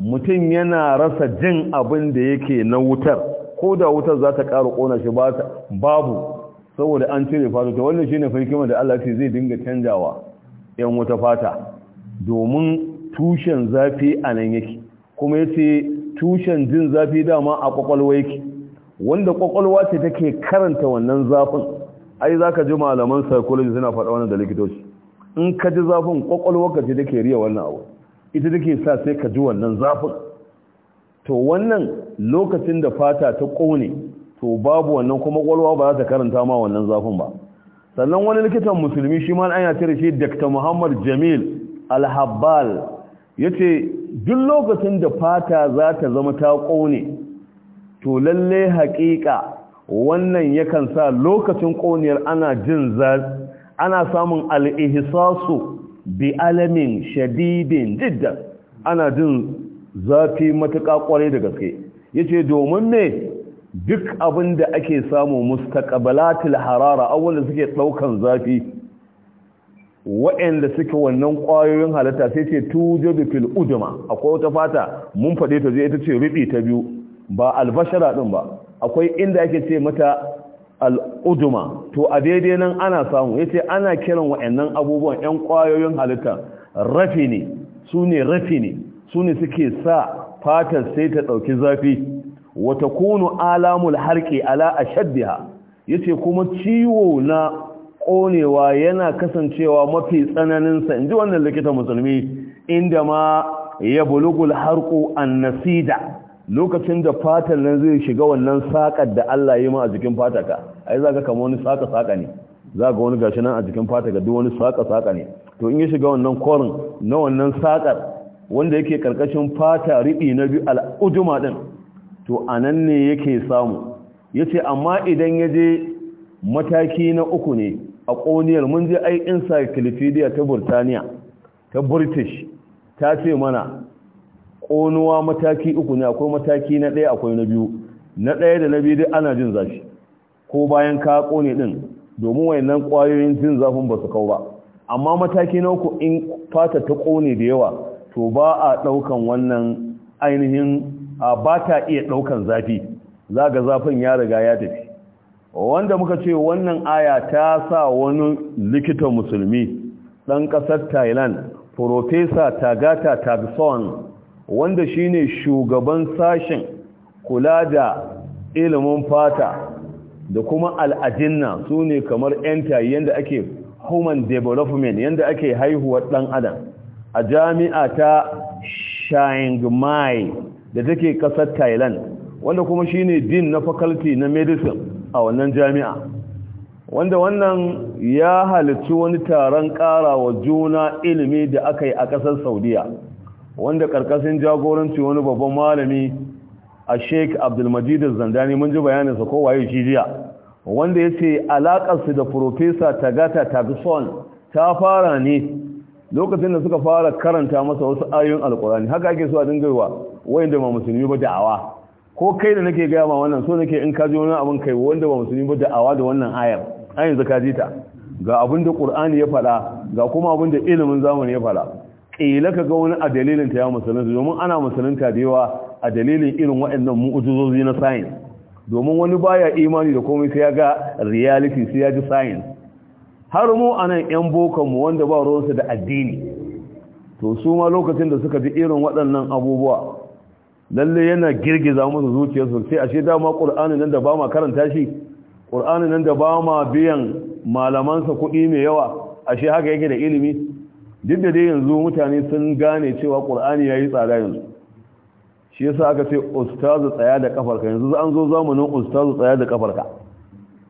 mutum yana rasa jin abin da yake na wutar ko da wutar za ta ƙara ƙona shi babu saboda an cire fata ta wannan shine farkin da Allah ce zai dinga canjawa yan wuta fata domin tushen zafi a nan yake kuma yace tushen jin zafi dama a kwakwalwa yake wanda kwakwalwa ce take karanta wannan zafin ai za ka ji malaman psychology suna faɗa wannan da likitoci in ka ji zafin kwakwalwa ka ce take riya wannan abu ita take sa sai ka ji wannan zafin to wannan lokacin da fata ta ƙone to babu wannan kuma kwakwalwa ba za ta karanta ma wannan zafin ba sannan wani likitan musulmi shi ma an yace shi Dr. Muhammad Jamil Al-Habbal yace duk lokacin da fata za ta zama ta ƙone to lalle haƙiƙa wannan yakan sa lokacin ƙoniyar ana jin zar ana samun al'ihisasu bi alamin shadidin jiddan ana jin zafi matuƙa ƙwarai da gaske ya ce domin ne duk abin da ake samu mustaƙabalatul harara awwal suke ɗaukan zafi waɗanda suke wannan ƙwayoyin halitta sai ce tujo da fil'udama akwai wata fata mun faɗi ta zai ita ce ribi ta biyu ba albashara din ba akwai inda ake ce mata al'uduma to a daidai nan ana samu yace ana kiran wa'annan abubuwan yan ƙwayoyin halitta rafi ne su ne rafi ne su ne suke sa fatar sai ta ɗauki zafi wata kunu alamul harki ala ashaddiha yace kuma ciwo na ƙonewa yana kasancewa mafi tsananinsa in ji wannan likita musulmi inda ma ya bulugul harku an nasida lokacin da fatan nan zai shiga wannan sakar da Allah ya yi ma a jikin fataka ai zaka kama wani saka saka ne zaka wani gashi nan a jikin fataka duk wani saka saka ne to in ya shiga wannan korin na wannan sakar wanda yake karkashin fata ribi na biyu al'uduma din to anan ne yake samu yace amma idan ya je mataki na uku ne a ƙoniyar mun je ai encyclopedia ta Burtaniya ta British ta ce mana ƙonuwa mataki uku ne akwai mataki na ɗaya akwai na biyu na ɗaya da na biyu duk ana jin zafi ko bayan ka ƙone ɗin domin wayannan ƙwayoyin jin zafin ba su kau ba amma mataki na uku in fata ta ƙone da yawa to ba a ɗaukan wannan ainihin ba ta iya ɗaukan zafi za ga zafin ya riga ya tafi wanda muka ce wannan aya ta sa wani likitan musulmi ɗan ƙasar thailand Profesa Tagata Tagson wanda shine shugaban sashen kula da ilimin fata da kuma al'ajinna su ne kamar enta yadda ake human development yadda ake haihuwar ɗan adam a jami'a ta Chiang Mai da take ƙasar Thailand wanda kuma shine din na faculty na medicine a wannan jami'a wanda wannan ya halarci wani taron ƙarawa juna ilimi da aka yi a ƙasar Saudiya wanda karkashin jagoranci wani babban malami a sheik abdulmajid zandani mun ji bayaninsa kowaye shi jiya wanda ya ce alaƙarsu da profesa tagata tagson ta fara ne lokacin da suka fara karanta masa wasu ayoyin alkurani haka ake so a wayan da ba musulmi ba da'awa ko kai da nake gaya ma wannan so nake in ka ji wani abin kai wanda ba musulmi ba da'awa da wannan ayar ayin zaka ji ta ga abin da kur'ani ya faɗa ga kuma abin da ilimin zamani ya faɗa ƙila ka ga wani a dalilin ta ya musulunta domin ana musulunta da yawa a dalilin irin waɗannan mu'ujizozi na science domin wani baya imani da komai sai ya ga reality sai ya ji science har mu anan yan bokan mu wanda ba ruwansa da addini to su ma lokacin da suka ji irin waɗannan abubuwa lalle yana girgiza musu zuciyarsu sai ashe dama ƙur'ani nan da ba ma karanta shi ƙur'ani nan da ba ma biyan malamansa kuɗi mai yawa ashe haka yake da ilimi duk da dai yanzu mutane sun gane cewa ya yi tsada yanzu shi yasa aka ce ustazu tsaya da kafarka yanzu an zo zamanin ustazu tsaya da kafarka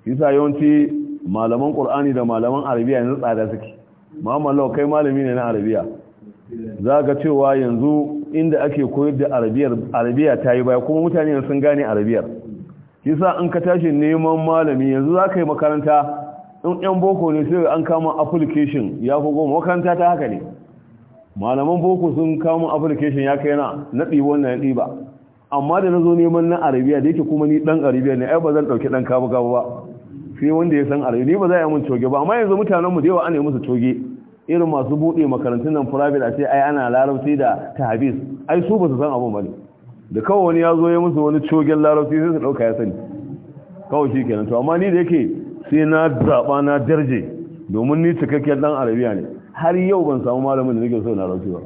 yasa yawanci malaman ƙul'ani da malaman arabiya yanzu tsada suke Muhammad kai malami ne na arabiya za ka cewa yanzu inda ake koyar da arabiyar arabiya ta yi baya kuma mutane sun gane arabiyar yasa in ka tashi neman malami yanzu za ka yi makaranta in yan boko ne sai an kama application ya fi goma makaranta ta haka ne malaman boko sun kama application ya kai na na wannan yaɗi ba amma da na zo neman na arabiya da yake kuma ni ɗan arabiya ne ai ba zan ɗauki ɗan kabu kabu ba sai wanda ya san arabiya ni ba za a yi mun coge ba amma yanzu mutanen mu da yawa ana yi musu coge irin masu buɗe makarantun nan private a ce ai ana larabci da Habis. ai su ba su san abun ba ne da kawai wani ya zo ya musu wani cogen larabci sai su ɗauka ya sani kawai shi kenan to amma ni da yake sai na zaɓa na darje domin ni cikakken ɗan arabiya ne har yau ban samu malamin da nake so na rasu ba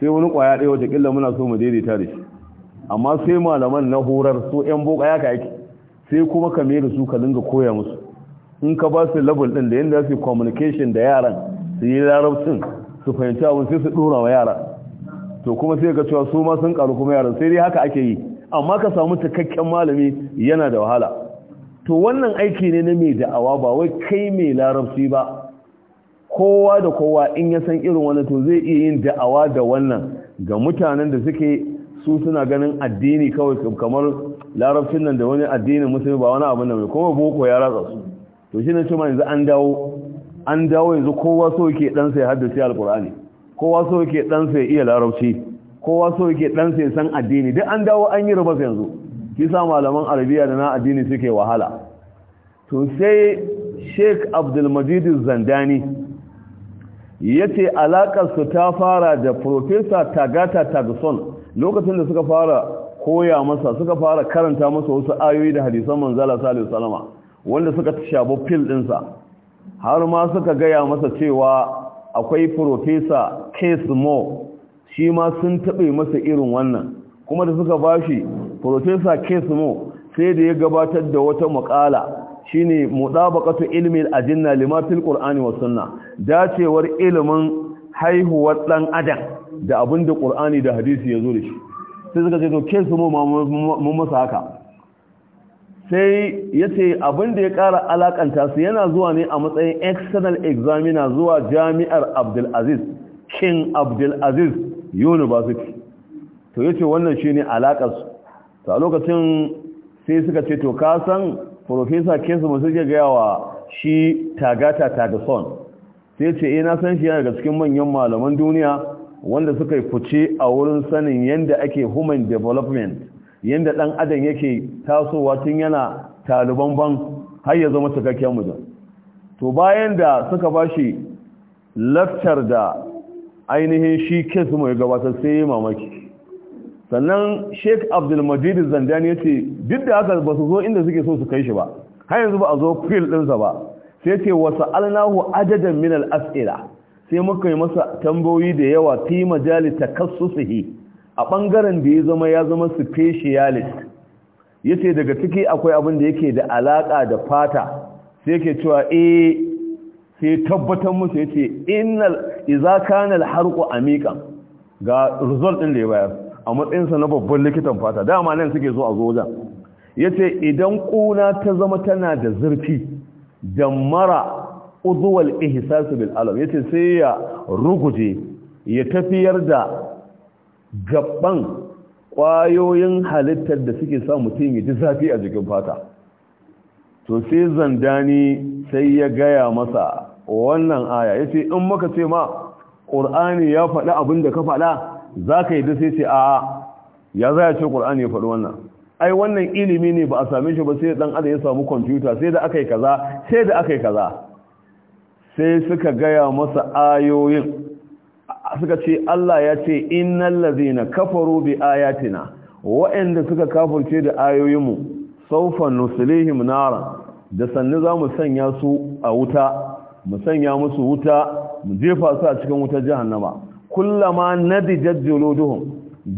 sai wani kwaya ɗaya wata ƙilla muna so mu daidaita da shi amma sai malaman na horar so yan boka ya ka sai kuma ka mai da su ka dinga koya musu in ka ba su level ɗin da yanda su communication da yaran su yi larabcin su fahimci abin sai su ɗora wa yara to kuma sai ka cewa su ma sun karu kuma yaran sai dai haka ake yi amma ka samu cikakken malami yana da wahala to wannan aiki ne na mai da'awa ba wai kai mai larabci ba kowa da kowa in ya san irin wannan to zai iya yin da'awa da wannan ga mutanen da suke su suna ganin addini kawai kamar larabcin nan da wani addinin musulmi ba wani abin da mai kuma boko ya ratsa su to shi ne ma yanzu an dawo an dawo yanzu kowa so yake ɗansa ya haddace alqur'ani kowa so yake ɗansa ya iya larabci kowa so yake ɗansa ya san addini duk an dawo an yi rabas yanzu kisa malaman arabiya da na addini suke wahala to sai sheikh abdulmajid zandani ya ce su ta fara da profesa tagata tagson lokacin da suka fara koya masa suka fara karanta masa wasu ayoyi da hadisan manzala salihu salama wanda suka shabo fil ɗinsa har ma suka gaya masa cewa akwai profesa case mo shi ma sun taɓe masa irin wannan kuma da suka bashi Profesa Kesmo sai da ya gabatar da wata muƙala shine mudabaqatu ilmi al-ajinna lima fil qur'ani was sunna dacewar ilimin haihuwar dan adam da abinda qur'ani da hadisi yazo da shi sai suka ce to Kesmo mu masa haka sai yace abin da ya ƙara alakanta su yana zuwa ne a matsayin external examiner zuwa jami'ar Aziz king Abdul Aziz university to ya ce wannan shi ne su to a lokacin sai suka ce to ka san professor Kesu mu suke gaya wa shi Tagata Tagason sai ce 'Ina eh, san shi yana daga cikin manyan malaman duniya wanda suka yi fice a wurin sanin yadda ake human development yadda dan adam yake tasowa tun yana taliban ban har ya zama cikakken mutum to bayan da suka bashi lakcar da ainihin shi Kesu mu ya gabatar sai mamaki sannan sheik abdulmajid zandani ya ce duk da haka ba su zo inda suke so su kai shi ba har yanzu ba a zo fil ɗinsa ba sai ce wasu alnahu ajadan min al'as'ila sai muka yi masa tambayoyi da yawa fi majali takassusihi a bangaren da ya zama ya zama specialist ya ce daga ciki akwai abin da yake da alaƙa da fata sai yake cewa eh sai tabbatar musu ya ce iza kanal harko amikan ga result ɗin da ya bayar a matsayinsa na babban likitan fata dama nan suke zo a zo wajen ya ce idan ƙuna ta zama tana da zurfi da mara uzuwal ihsasu bil alam ya ce sai ya ruguje ya tafiyar da gaban ƙwayoyin halittar da suke sa mutum ya ji zafi a jikin fata to sai zandani sai ya gaya masa wannan aya ya ce in muka ce ma ƙur'ani ya faɗi abin da ka faɗa za ka yi da sai ce a ya za ya ce ƙur'ani ya faɗi wannan ai wannan ilimi ne ba a same shi ba sai dan adam ya samu kwamfuta sai da aka yi kaza sai da aka yi kaza sai suka gaya masa ayoyin suka ce Allah ya ce innal ladhina kafaru bi ayatina wa'anda suka kafirce da ayoyinmu saufa nuslihim nara da sannu za mu sanya su a wuta mu sanya musu wuta mu jefa su a cikin wutar jahannama kullama nadijat juluduhum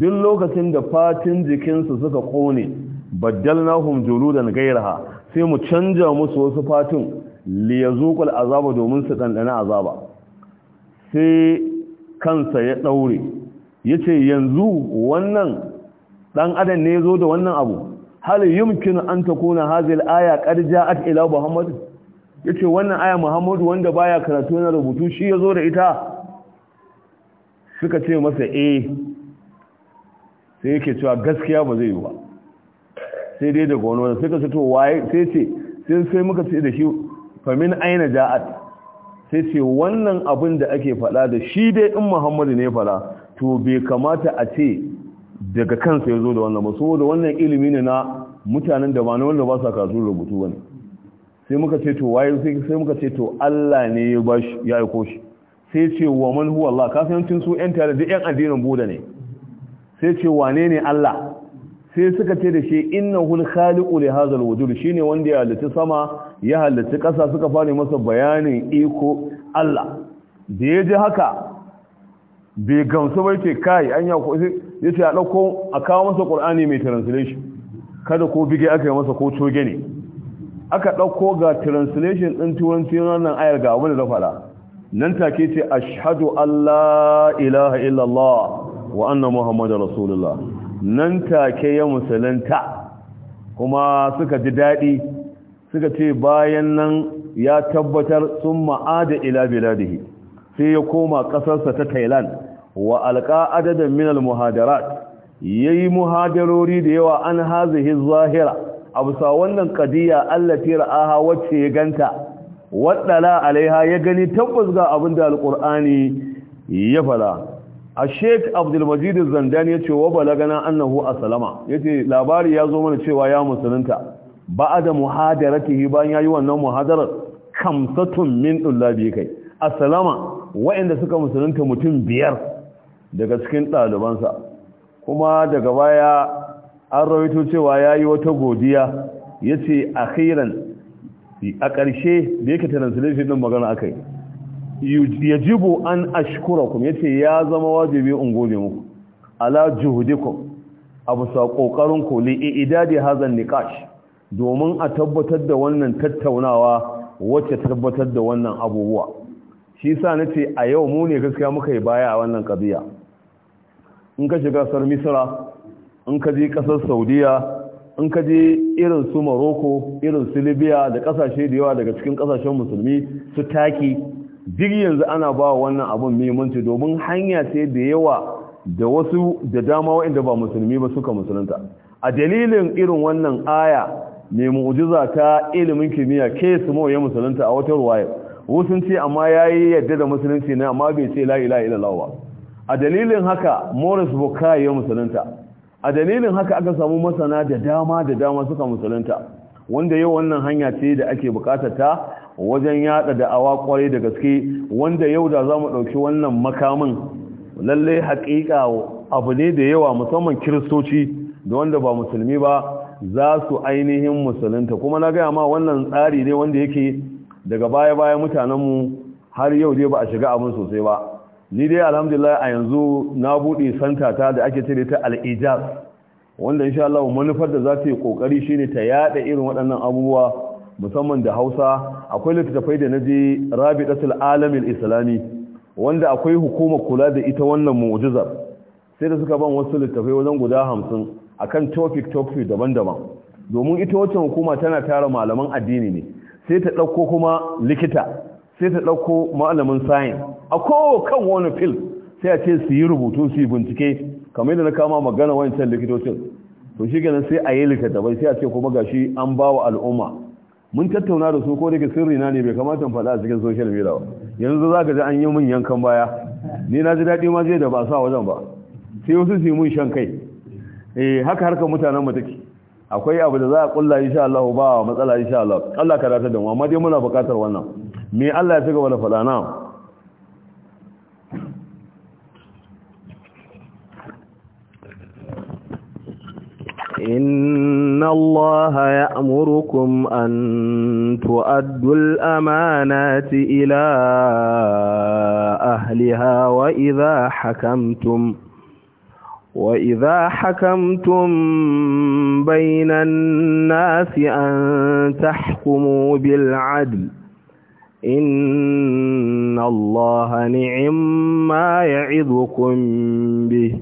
duk lokacin da fatin jikinsu suka kone baddalnahum juludan gairaha sai mu canja musu wasu fatin liyazuqul azaba domin su dandana azaba sai kansa ya daure yace yanzu wannan dan adam ne yazo da wannan abu hal yumkin an takuna hazil aya qad ja'at ila muhammad yace wannan aya muhammad wanda baya karatu na rubutu shi yazo da ita suka ce masa eh sai yake cewa gaskiya ba zai yi ba sai dai daga wani wani suka ce to waye sai ce sai sai muka ce da shi famin aina ja'at sai ce wannan abin da ake faɗa da shi dai in muhammadu ne faɗa to bai kamata a ce daga kansa ya zo da wannan ba da wannan ilimi ne na mutanen da ba na wanda ba sa kasu rubutu ba ne sai muka ce to waye sai muka ce to Allah ne ya bashi ya aiko shi sai ce wa man huwa Allah kasancin su yan tare da yan addinin buda ne sai ce wane ne Allah sai suka ce da shi Inna hul khaliqu li hadha al-wujud shine wanda ya halitta sama ya halitta ƙasa suka fara masa bayanin iko Allah da ya ji haka bai gamsu bai ce kai an ya ce a ɗauko a kawo masa qur'ani mai translation kada ko bige aka yi masa ko coge ne aka ɗauko ga translation din turanci nan ayar ga abin da faɗa. nan take ce ashhadu alla ilaha illallah wa anna muhammadar rasulullah nan take ya musulunta kuma suka ji daɗi suka ce bayan nan ya tabbatar sun ma'ada ila biladihi sai ya koma ƙasarsa ta thailand wa alƙa adadin minal muhadarat ya yi muhadarori da yawa an hazihi zahira a wannan ƙadiyya allati ra'aha wacce ya ganta waɗala alaiha ya gani tabbas ga abin da alƙur'ani ya fada a sheik abdulmajid zandani ya ce wa balagana annahu asalama ya ce labari ya zo mana cewa ya musulunta ba da muhadaratihi bayan ya yi wannan muhadarar kamsatun min ɗullabi kai asalama waɗanda suka musulunta mutum biyar daga cikin ɗalibansa kuma daga baya an rawaito cewa ya yi wata godiya ya ce akhiran a ƙarshe da yake translation din magana akai yajibu an kuma yace ya zama wajibi in gode muku ala juhudikum abu sa kokarin ku li idadi hazan niqash domin a tabbatar da wannan tattaunawa wacce tabbatar da wannan abubuwa shi yasa nace a yau mu ne gaskiya muka yi baya a wannan ƙabiya. in ka shiga sar misra in ka je ƙasar saudiya in ka je irin su Morocco irin su Libya da kasashe da yawa daga cikin kasashen musulmi su taki duk yanzu ana ba wannan abun muhimmanci domin hanya sai da yawa da wasu da dama waɗanda ba musulmi ba suka musulunta a dalilin irin wannan aya mai mu'jiza ta ilimin kimiyya ke su ya musulunta a wata ruwaya wasu ce amma yi yadda da musulunci ne amma bai ce la ilaha illallah ba a dalilin haka Morris Bukai ya musulunta a dalilin haka aka samu masana da dama da dama suka musulunta wanda yau wannan hanya ce da ake bukatar ta wajen yada da'awa kwarai da gaske wanda yau da zamu dauki wannan makamin lalle haƙiƙa abu ne da yawa musamman kiristoci da wanda ba musulmi ba za su ainihin musulunta kuma na gaya ma wannan tsari ne wanda yake daga baya-baya mutanenmu har yau dai ba a shiga abin sosai ba ni dai alhamdulillah a yanzu na buɗe santa ta da ake cire ta al'ijaz wanda insha Allah manufar da za ta yi kokari shine ta yada irin waɗannan abubuwa musamman da Hausa akwai littattafai da naje Rabi'atul Alamil Islami wanda akwai hukumar kula da ita wannan mu'jizar sai da suka ban wasu littattafai wajen guda 50 akan topic topic daban-daban domin ita wacce hukuma tana tara malaman addini ne sai ta ɗauko kuma likita sai ta ɗauko malamin sayin a kan wani fil sai a ce su yi rubutu su yi bincike kamar yadda na kama magana wancan likitocin to shi ganin sai a yi littattafai sai a ce kuma ga shi an ba wa al'umma mun tattauna da su ko da ke sirri na ne bai kamata faɗa a cikin social media ba yanzu za ka ji an yi min yankan baya ni na ji daɗi ma zai da ba sa wajen ba sai wasu su yi mun shan kai eh haka harkar mutanen mu take akwai abu da za a kulla insha Allah ba wa matsala insha Allah Allah ka dace da mu amma dai muna buƙatar wannan me Allah ya saka gaba da faɗa na إن الله يأمركم أن تؤدوا الأمانات إلى أهلها وإذا حكمتم وإذا حكمتم بين الناس أن تحكموا بالعدل إن الله نعم ما يعظكم به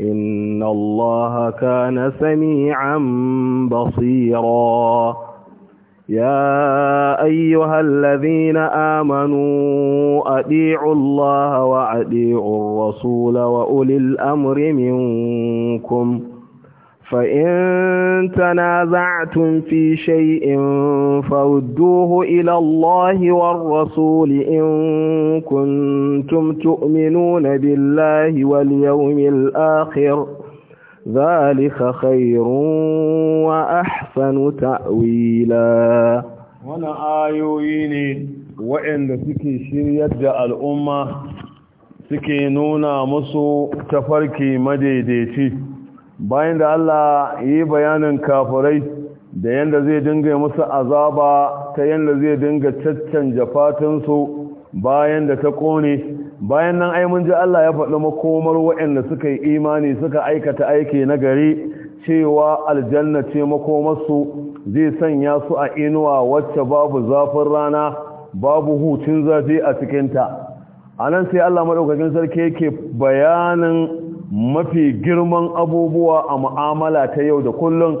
إن الله كان سميعا بصيراً يا أيها الذين آمنوا أديعوا الله وأديعوا الرسول وأولي الأمر منكم فإن تنازعتم في شيء فردوه إلى الله والرسول إن كنتم تؤمنون بالله واليوم الآخر ذلك خير وأحسن تأويلا ne waɗanda suke سكي da al'umma suke nuna musu tafarki madaidaici bayan da Allah yi bayanin kafurai, da yanda zai dinga musu azaba ta yanda zai dinga caccanja fatansu bayan da ta kone bayan nan ai mun ji Allah ya faɗi makomar waɗanda suka yi imani suka aikata aiki na gari cewa aljanna ce makomarsu zai sanya su a inuwa wacce babu zafin rana babu hutun zafi a cikinta a nan sai Allah maɗaukakin sarki yake bayanin mafi girman abubuwa a mu'amala ta yau da kullum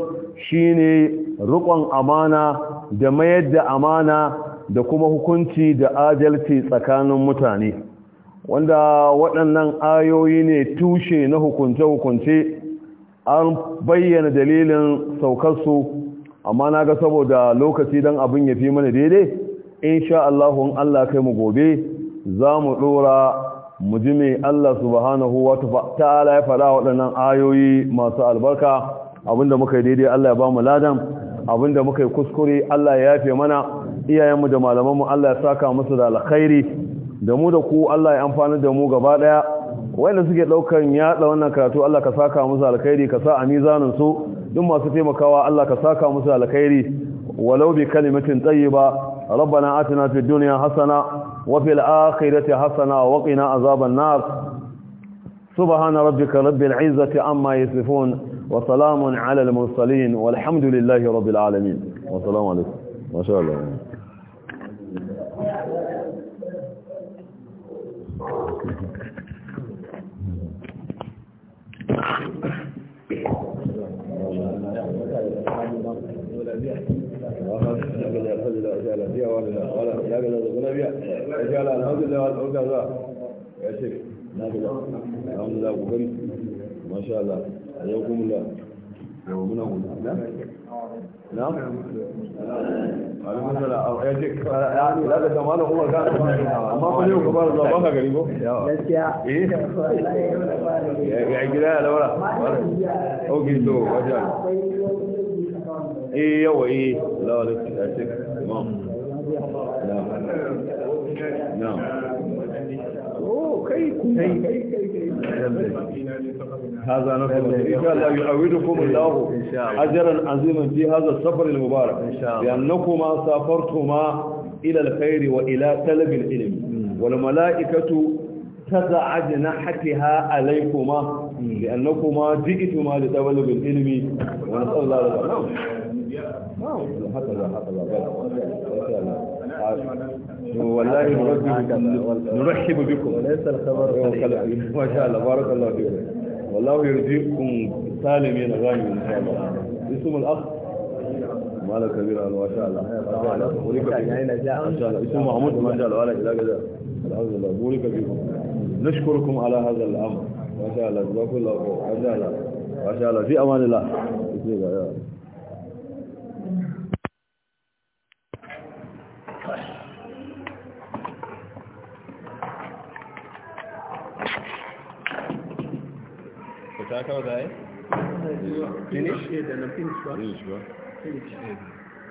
shine riƙon amana da mayar da amana da kuma hukunci da adalci tsakanin mutane wanda waɗannan ayoyi ne tushe na hukunce-hukunce an bayyana dalilin saukarsu amma na ga saboda lokaci don abin ya fi mana daidai in Allahun Allah kai mu gobe za mu ɗora mu ji mai Allah subhanahu wa ta'ala ya faɗa waɗannan ayoyi masu albarka abinda muka yi daidai Allah ya ba mu ladan abinda muka yi kuskure Allah ya yafe mana iyayenmu da malamanmu Allah ya saka musu da alkhairi da mu da ku Allah ya amfani da mu gaba daya wanda suke daukan yada wannan karatu Allah ka saka musu alkhairi ka sa amizanin su duk masu taimakawa Allah ka saka musu alkhairi walau bi kalimatin tayyiba rabbana atina fid dunya hasana wa fil akhirati hasana wa qina azaban nar subhana rabbika rabbil izzati amma yasifun wa salamun ala al mursalin المرسلين والحمد لله رب العالمين والسلام عليكم ما شاء الله Na'am? malamin sala ya ce kai kuma kai kai هذا نفسه إن شاء الله يعودكم الله أجرا عظيما في هذا السفر المبارك لأنكما سافرتما إلى الخير وإلى طلب العلم والملائكة تضع جناحتها عليكما لأنكما جئتما لطلب العلم ونسأل الله لك نعم نعم هكذا الله والله نرحب بكم وليس الخبر ما شاء الله بارك الله فيكم والله يرزقكم سالمين غانم ان شاء الله اسم الاخ مالا كبير ما شاء الله ما شاء الله اسم محمود ما شاء الله ولا كذا كذا الحمد لله بورك فيكم نشكركم على هذا الامر ما شاء الله جزاك الله خير ما شاء الله ما شاء الله في امان الله بسم الله What are Finish? Finish. Finish. Finish.